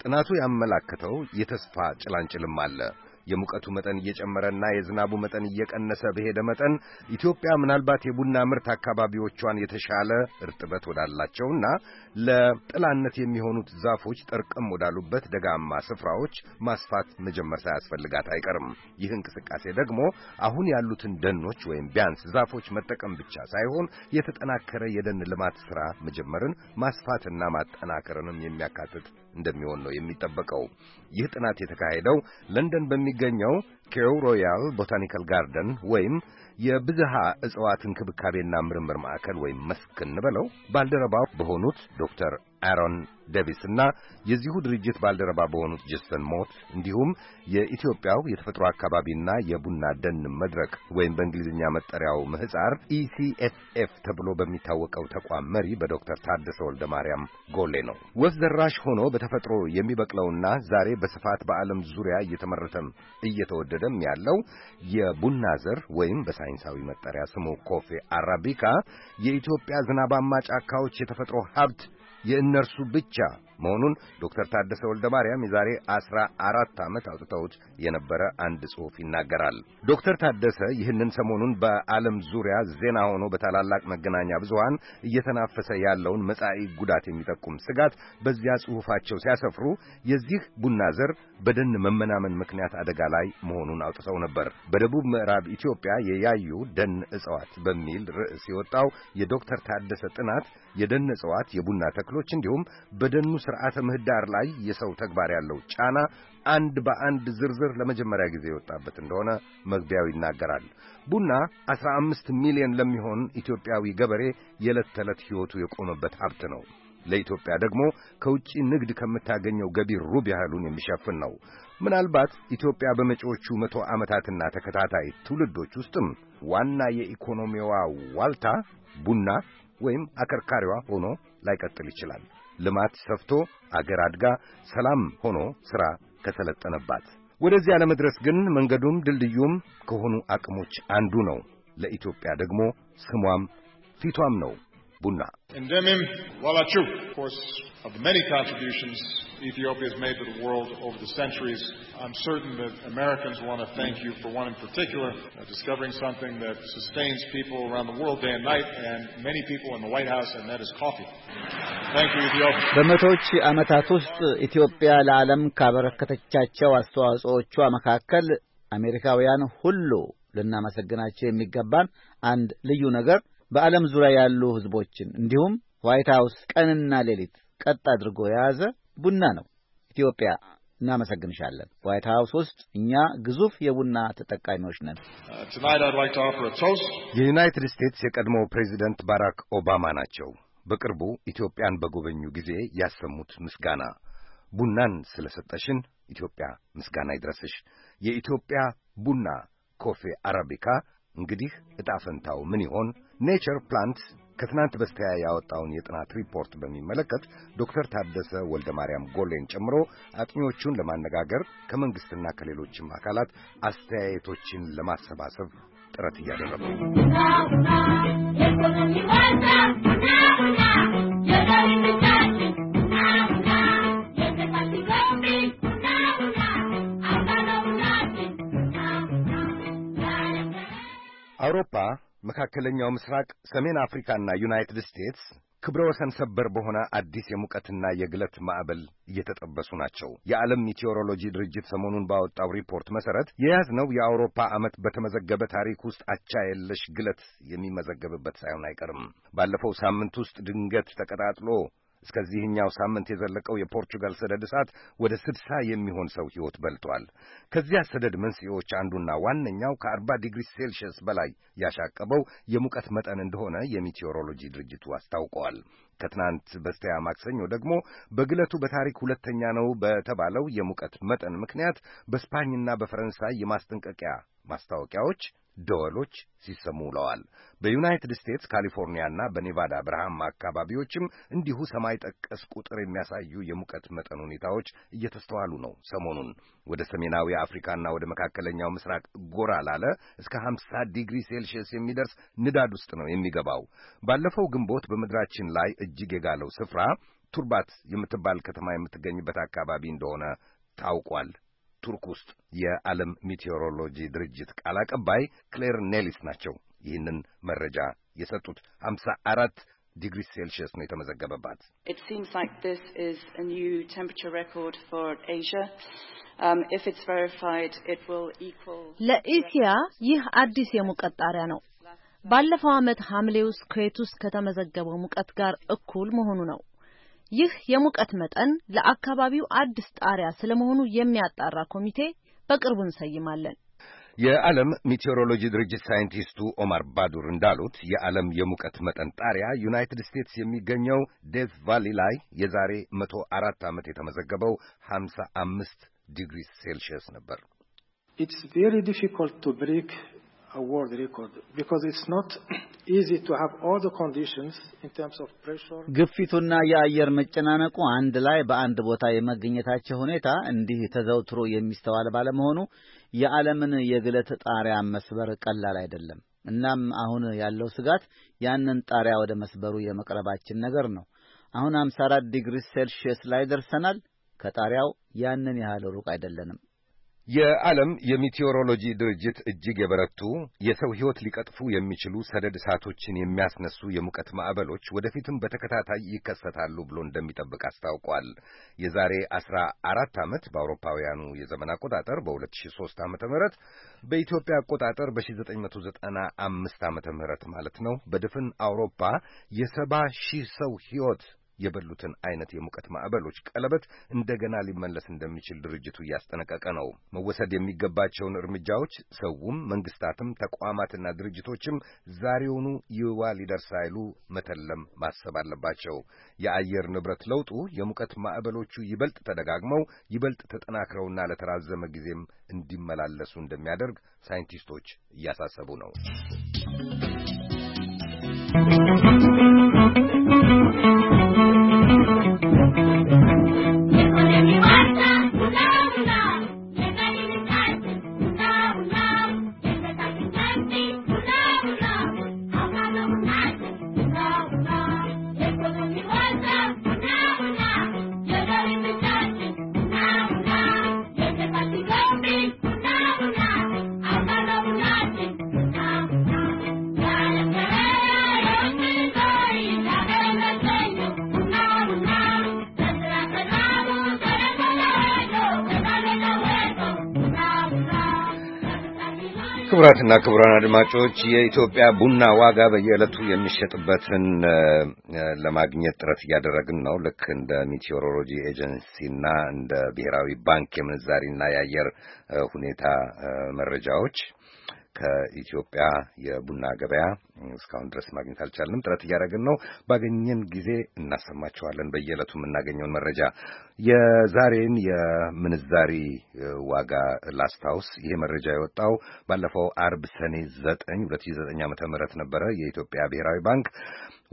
ጥናቱ ያመላከተው የተስፋ ጭላንጭልም አለ። የሙቀቱ መጠን እየጨመረና የዝናቡ መጠን እየቀነሰ በሄደ መጠን ኢትዮጵያ ምናልባት የቡና ምርት አካባቢዎቿን የተሻለ እርጥበት ወዳላቸውና ለጥላነት የሚሆኑት ዛፎች ጠርቅም ወዳሉበት ደጋማ ስፍራዎች ማስፋት መጀመር ሳያስፈልጋት አይቀርም። ይህ እንቅስቃሴ ደግሞ አሁን ያሉትን ደኖች ወይም ቢያንስ ዛፎች መጠቀም ብቻ ሳይሆን የተጠናከረ የደን ልማት ስራ መጀመርን ማስፋትና ማጠናከርንም የሚያካትት እንደሚሆን ነው የሚጠበቀው። ይህ ጥናት የተካሄደው ለንደን በሚገኘው ኬው ሮያል ቦታኒካል ጋርደን ወይም የብዝሃ እጽዋት እንክብካቤና ምርምር ማዕከል ወይም መስክ እንበለው ባልደረባው በሆኑት ዶክተር አሮን ዴቪስ እና የዚሁ ድርጅት ባልደረባ በሆኑት ጀስተን ሞት እንዲሁም የኢትዮጵያው የተፈጥሮ አካባቢና የቡና ደን መድረክ ወይም በእንግሊዝኛ መጠሪያው ምህጻር ኢሲኤፍኤፍ e ተብሎ በሚታወቀው ተቋም መሪ በዶክተር ታደሰ ወልደ ማርያም ጎሌ ነው። ወፍ ዘራሽ ሆኖ በተፈጥሮ የሚበቅለውና ዛሬ በስፋት በዓለም ዙሪያ እየተመረተም እየተወደደም ያለው የቡና ዘር ወይም በሳይንሳዊ መጠሪያ ስሙ ኮፌ አራቢካ የኢትዮጵያ ዝናባማ ጫካዎች የተፈጥሮ ሀብት የእነርሱ ብቻ መሆኑን ዶክተር ታደሰ ወልደ ማርያም የዛሬ አስራ አራት ዓመት አውጥተውት የነበረ አንድ ጽሑፍ ይናገራል። ዶክተር ታደሰ ይህንን ሰሞኑን በዓለም ዙሪያ ዜና ሆኖ በታላላቅ መገናኛ ብዙሃን እየተናፈሰ ያለውን መጻኢ ጉዳት የሚጠቁም ስጋት በዚያ ጽሑፋቸው ሲያሰፍሩ የዚህ ቡና ዘር በደን መመናመን ምክንያት አደጋ ላይ መሆኑን አውጥተው ነበር። በደቡብ ምዕራብ ኢትዮጵያ የያዩ ደን እጽዋት በሚል ርዕስ የወጣው የዶክተር ታደሰ ጥናት የደን እጽዋት፣ የቡና ተክሎች እንዲሁም በደኑ ስርዓተ ምህዳር ላይ የሰው ተግባር ያለው ጫና አንድ በአንድ ዝርዝር ለመጀመሪያ ጊዜ የወጣበት እንደሆነ መግቢያው ይናገራል። ቡና 15 ሚሊዮን ለሚሆን ኢትዮጵያዊ ገበሬ የዕለት ተዕለት ሕይወቱ የቆመበት ሀብት ነው። ለኢትዮጵያ ደግሞ ከውጭ ንግድ ከምታገኘው ገቢ ሩብ ያህሉን የሚሸፍን ነው። ምናልባት ኢትዮጵያ በመጪዎቹ መቶ ዓመታትና ተከታታይ ትውልዶች ውስጥም ዋና የኢኮኖሚዋ ዋልታ ቡና ወይም አከርካሪዋ ሆኖ ላይቀጥል ይችላል። ልማት ሰፍቶ አገር አድጋ ሰላም ሆኖ ሥራ ከሰለጠነባት ወደዚያ ለመድረስ ግን መንገዱም ድልድዩም ከሆኑ አቅሞች አንዱ ነው። ለኢትዮጵያ ደግሞ ስሟም ፊቷም ነው። ቡና በመቶዎች ዓመታት ውስጥ ኢትዮጵያ ለዓለም ካበረከተቻቸው አስተዋጽኦቿ መካከል አሜሪካውያን ሁሉ ልናመሰግናቸው የሚገባን አንድ ልዩ ነገር በዓለም ዙሪያ ያሉ ሕዝቦችን እንዲሁም ዋይት ሀውስ ቀንና ሌሊት ቀጥ አድርጎ የያዘ ቡና ነው። ኢትዮጵያ እናመሰግንሻለን። ዋይት ሀውስ ውስጥ እኛ ግዙፍ የቡና ተጠቃሚዎች ነን። የዩናይትድ ስቴትስ የቀድሞ ፕሬዚደንት ባራክ ኦባማ ናቸው። በቅርቡ ኢትዮጵያን በጎበኙ ጊዜ ያሰሙት ምስጋና ቡናን ስለ ሰጠሽን ኢትዮጵያ ምስጋና ይድረስሽ። የኢትዮጵያ ቡና ኮፌ አረቢካ እንግዲህ እጣፈንታው ፈንታው ምን ይሆን? ኔቸር ፕላንት ከትናንት በስቲያ ያወጣውን የጥናት ሪፖርት በሚመለከት ዶክተር ታደሰ ወልደ ማርያም ጎሌን ጨምሮ አጥኚዎቹን ለማነጋገር ከመንግሥትና ከሌሎችም አካላት አስተያየቶችን ለማሰባሰብ ጥረት እያደረጉ አውሮፓ መካከለኛው ምስራቅ፣ ሰሜን አፍሪካና ዩናይትድ ስቴትስ ክብረ ወሰን ሰበር በሆነ አዲስ የሙቀትና የግለት ማዕበል እየተጠበሱ ናቸው። የዓለም ሚቴዎሮሎጂ ድርጅት ሰሞኑን ባወጣው ሪፖርት መሠረት የያዝነው የአውሮፓ ዓመት በተመዘገበ ታሪክ ውስጥ አቻ የለሽ ግለት የሚመዘገብበት ሳይሆን አይቀርም። ባለፈው ሳምንት ውስጥ ድንገት ተቀጣጥሎ እስከዚህኛው ሳምንት የዘለቀው የፖርቹጋል ሰደድ እሳት ወደ ስድሳ የሚሆን ሰው ሕይወት በልቷል። ከዚያ ሰደድ መንስኤዎች አንዱና ዋነኛው ከአርባ ዲግሪ ሴልሺየስ በላይ ያሻቀበው የሙቀት መጠን እንደሆነ የሚቴዎሮሎጂ ድርጅቱ አስታውቀዋል። ከትናንት በስቲያ ማክሰኞ ደግሞ በግለቱ በታሪክ ሁለተኛ ነው በተባለው የሙቀት መጠን ምክንያት በስፓኝና በፈረንሳይ የማስጠንቀቂያ ማስታወቂያዎች ደወሎች ሲሰሙ ውለዋል። በዩናይትድ ስቴትስ ካሊፎርኒያና በኔቫዳ በረሃማ አካባቢዎችም እንዲሁ ሰማይ ጠቀስ ቁጥር የሚያሳዩ የሙቀት መጠን ሁኔታዎች እየተስተዋሉ ነው። ሰሞኑን ወደ ሰሜናዊ አፍሪካና ወደ መካከለኛው ምስራቅ ጎራ ላለ እስከ 50 ዲግሪ ሴልሺየስ የሚደርስ ንዳድ ውስጥ ነው የሚገባው። ባለፈው ግንቦት በምድራችን ላይ እጅግ የጋለው ስፍራ ቱርባት የምትባል ከተማ የምትገኝበት አካባቢ እንደሆነ ታውቋል። ቱርክ ውስጥ የዓለም ሚቴዎሮሎጂ ድርጅት ቃል አቀባይ ክሌር ኔሊስ ናቸው ይህንን መረጃ የሰጡት። ሀምሳ አራት ዲግሪ ሴልሺየስ ነው የተመዘገበባት። um, ለኢስያ ይህ አዲስ የሙቀት ጣሪያ ነው። ባለፈው ዓመት ሐምሌ ውስጥ ኩዌት ውስጥ ከተመዘገበው ሙቀት ጋር እኩል መሆኑ ነው። ይህ የሙቀት መጠን ለአካባቢው አዲስ ጣሪያ ስለመሆኑ የሚያጣራ ኮሚቴ በቅርቡ እንሰይማለን። የዓለም ሜቴዎሮሎጂ ድርጅት ሳይንቲስቱ ኦማር ባዱር እንዳሉት የዓለም የሙቀት መጠን ጣሪያ ዩናይትድ ስቴትስ የሚገኘው ዴዝ ቫሊ ላይ የዛሬ መቶ አራት ዓመት የተመዘገበው ሀምሳ አምስት ዲግሪ ሴልሽየስ ነበር። ኢትስ ቬሪ ዲፊኮልት ቱ ብሬክ a world record because it's not easy to have all the conditions in terms of pressure ግፊቱና የአየር መጨናነቁ አንድ ላይ በአንድ ቦታ የመገኘታቸው ሁኔታ እንዲህ ተዘውትሮ የሚስተዋል ባለመሆኑ የዓለምን የግለት ጣሪያ መስበር ቀላል አይደለም። እናም አሁን ያለው ስጋት ያንን ጣሪያ ወደ መስበሩ የመቅረባችን ነገር ነው። አሁን 54 ዲግሪ ሴልሺየስ ላይ ደርሰናል። ከጣሪያው ያንን ያህል ሩቅ አይደለንም። የዓለም የሚቴዎሮሎጂ ድርጅት እጅግ የበረቱ የሰው ሕይወት ሊቀጥፉ የሚችሉ ሰደድ እሳቶችን የሚያስነሱ የሙቀት ማዕበሎች ወደፊትም በተከታታይ ይከሰታሉ ብሎ እንደሚጠብቅ አስታውቋል። የዛሬ አስራ አራት ዓመት በአውሮፓውያኑ የዘመን አቆጣጠር በ2003 ዓ ም በኢትዮጵያ አቆጣጠር በ1995 ዓ ም ማለት ነው በድፍን አውሮፓ የሰባ ሺህ ሰው ሕይወት የበሉትን አይነት የሙቀት ማዕበሎች ቀለበት እንደገና ሊመለስ እንደሚችል ድርጅቱ እያስጠነቀቀ ነው። መወሰድ የሚገባቸውን እርምጃዎች ሰውም፣ መንግስታትም፣ ተቋማትና ድርጅቶችም ዛሬውኑ ይዋ ሊደርስ አይሉ መተለም ማሰብ አለባቸው። የአየር ንብረት ለውጡ የሙቀት ማዕበሎቹ ይበልጥ ተደጋግመው ይበልጥ ተጠናክረውና ለተራዘመ ጊዜም እንዲመላለሱ እንደሚያደርግ ሳይንቲስቶች እያሳሰቡ ነው። ክቡራትና ክቡራን አድማጮች የኢትዮጵያ ቡና ዋጋ በየዕለቱ የሚሸጥበትን ለማግኘት ጥረት እያደረግን ነው። ልክ እንደ ሚቴዎሮሎጂ ኤጀንሲና እንደ ብሔራዊ ባንክ የምንዛሪና የአየር ሁኔታ መረጃዎች ከኢትዮጵያ የቡና ገበያ እስካሁን ድረስ ማግኘት አልቻለም። ጥረት እያደረግን ነው። ባገኘን ጊዜ እናሰማችኋለን። በየዕለቱ የምናገኘውን መረጃ የዛሬን የምንዛሪ ዋጋ ላስታውስ። ይሄ መረጃ የወጣው ባለፈው አርብ ሰኔ ዘጠኝ ሁለት ዘጠኝ ዓመተ ምህረት ነበረ የኢትዮጵያ ብሔራዊ ባንክ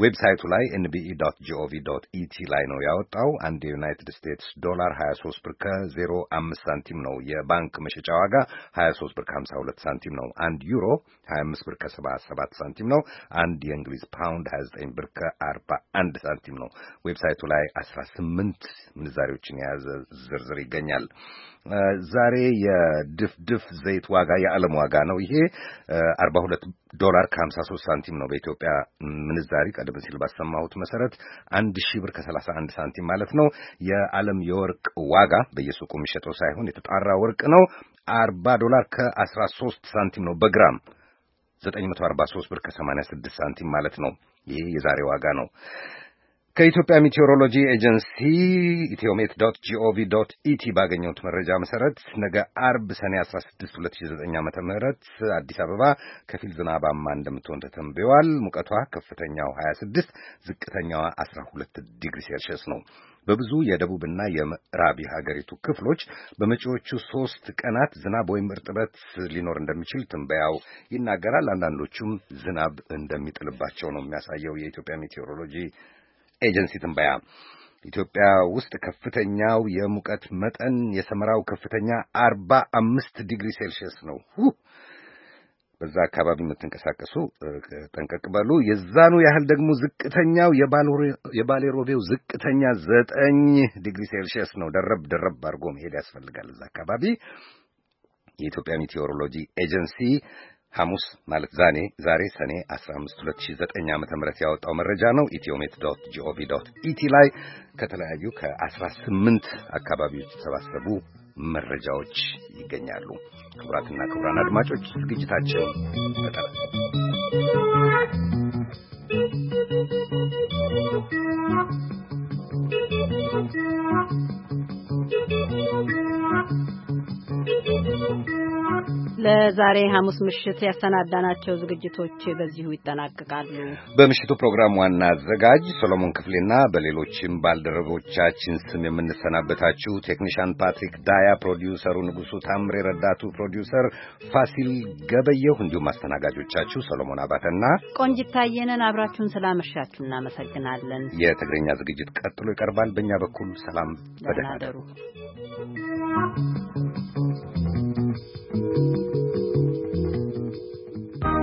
ዌብሳይቱ ላይ ኤንቢኢ ዶት ጂኦቪ ዶት ኢቲ ላይ ነው ያወጣው። አንድ የዩናይትድ ስቴትስ ዶላር 23 ብር ከ05 ሳንቲም ነው። የባንክ መሸጫ ዋጋ 23 ብር ከ52 ሳንቲም ነው። አንድ ዩሮ 25 ብር ከ77 ሳንቲም ነው። አንድ የእንግሊዝ ፓውንድ 29 ብር ከ41 ሳንቲም ነው። ዌብሳይቱ ላይ 18 ምንዛሬዎችን የያዘ ዝርዝር ይገኛል። ዛሬ የድፍድፍ ዘይት ዋጋ የዓለም ዋጋ ነው። ይሄ አርባ ሁለት ዶላር ከሀምሳ ሶስት ሳንቲም ነው በኢትዮጵያ ምንዛሪ። ቀደም ሲል ባሰማሁት መሰረት አንድ ሺህ ብር ከሰላሳ አንድ ሳንቲም ማለት ነው። የዓለም የወርቅ ዋጋ በየሱቁ የሚሸጠው ሳይሆን የተጣራ ወርቅ ነው። አርባ ዶላር ከአስራ ሶስት ሳንቲም ነው በግራም 943 ብር ከ86 ሳንቲም ማለት ነው። ይሄ የዛሬ ዋጋ ነው። ከኢትዮጵያ ሜቴዎሮሎጂ ኤጀንሲ ኢትዮሜት ዶት ጂኦቪ ዶት ኢቲ ባገኘሁት መረጃ መሰረት ነገ አርብ ሰኔ 16 2009 ዓመተ ምህረት አዲስ አበባ ከፊል ዝናባማ እንደምትሆን ተተንብዋል። ሙቀቷ ከፍተኛው 26፣ ዝቅተኛዋ 12 ዲግሪ ሴልሺየስ ነው። በብዙ የደቡብና የምዕራብ የሀገሪቱ ክፍሎች በመጪዎቹ ሶስት ቀናት ዝናብ ወይም እርጥበት ሊኖር እንደሚችል ትንበያው ይናገራል። አንዳንዶቹም ዝናብ እንደሚጥልባቸው ነው የሚያሳየው የኢትዮጵያ ሜቴዎሮሎጂ ኤጀንሲ ትንበያ ኢትዮጵያ ውስጥ ከፍተኛው የሙቀት መጠን የሰመራው ከፍተኛ አርባ አምስት ዲግሪ ሴልሺየስ ነው። በዛ አካባቢ የምትንቀሳቀሱ ጠንቀቅ በሉ። የዛኑ ያህል ደግሞ ዝቅተኛው የባሌ ሮቤው ዝቅተኛ ዘጠኝ ዲግሪ ሴልሺየስ ነው። ደረብ ደረብ አድርጎ መሄድ ያስፈልጋል እዛ አካባቢ። የኢትዮጵያ ሜቴዎሮሎጂ ኤጀንሲ ሐሙስ ማለት ዛኔ ዛሬ ሰኔ 15 2009 ዓ ም ያወጣው መረጃ ነው። ኢትዮሜት ዶት ጂኦቪ ዶት ኢቲ ላይ ከተለያዩ ከ18 አካባቢዎች የተሰባሰቡ መረጃዎች ይገኛሉ። ክቡራትና ክቡራን አድማጮች ዝግጅታቸው ተጠረ ለዛሬ ሐሙስ ምሽት ያሰናዳናቸው ዝግጅቶች በዚሁ ይጠናቀቃሉ። በምሽቱ ፕሮግራም ዋና አዘጋጅ ሶሎሞን ክፍሌና በሌሎችም ባልደረቦቻችን ስም የምንሰናበታችሁ ቴክኒሻን ፓትሪክ ዳያ፣ ፕሮዲውሰሩ ንጉሡ ታምሬ፣ ረዳቱ ፕሮዲውሰር ፋሲል ገበየሁ እንዲሁም አስተናጋጆቻችሁ ሶሎሞን አባተና ቆንጂት ታየነን አብራችሁን ስላመሻችሁ እናመሰግናለን። የትግርኛ ዝግጅት ቀጥሎ ይቀርባል። በእኛ በኩል ሰላም፣ በደህና you.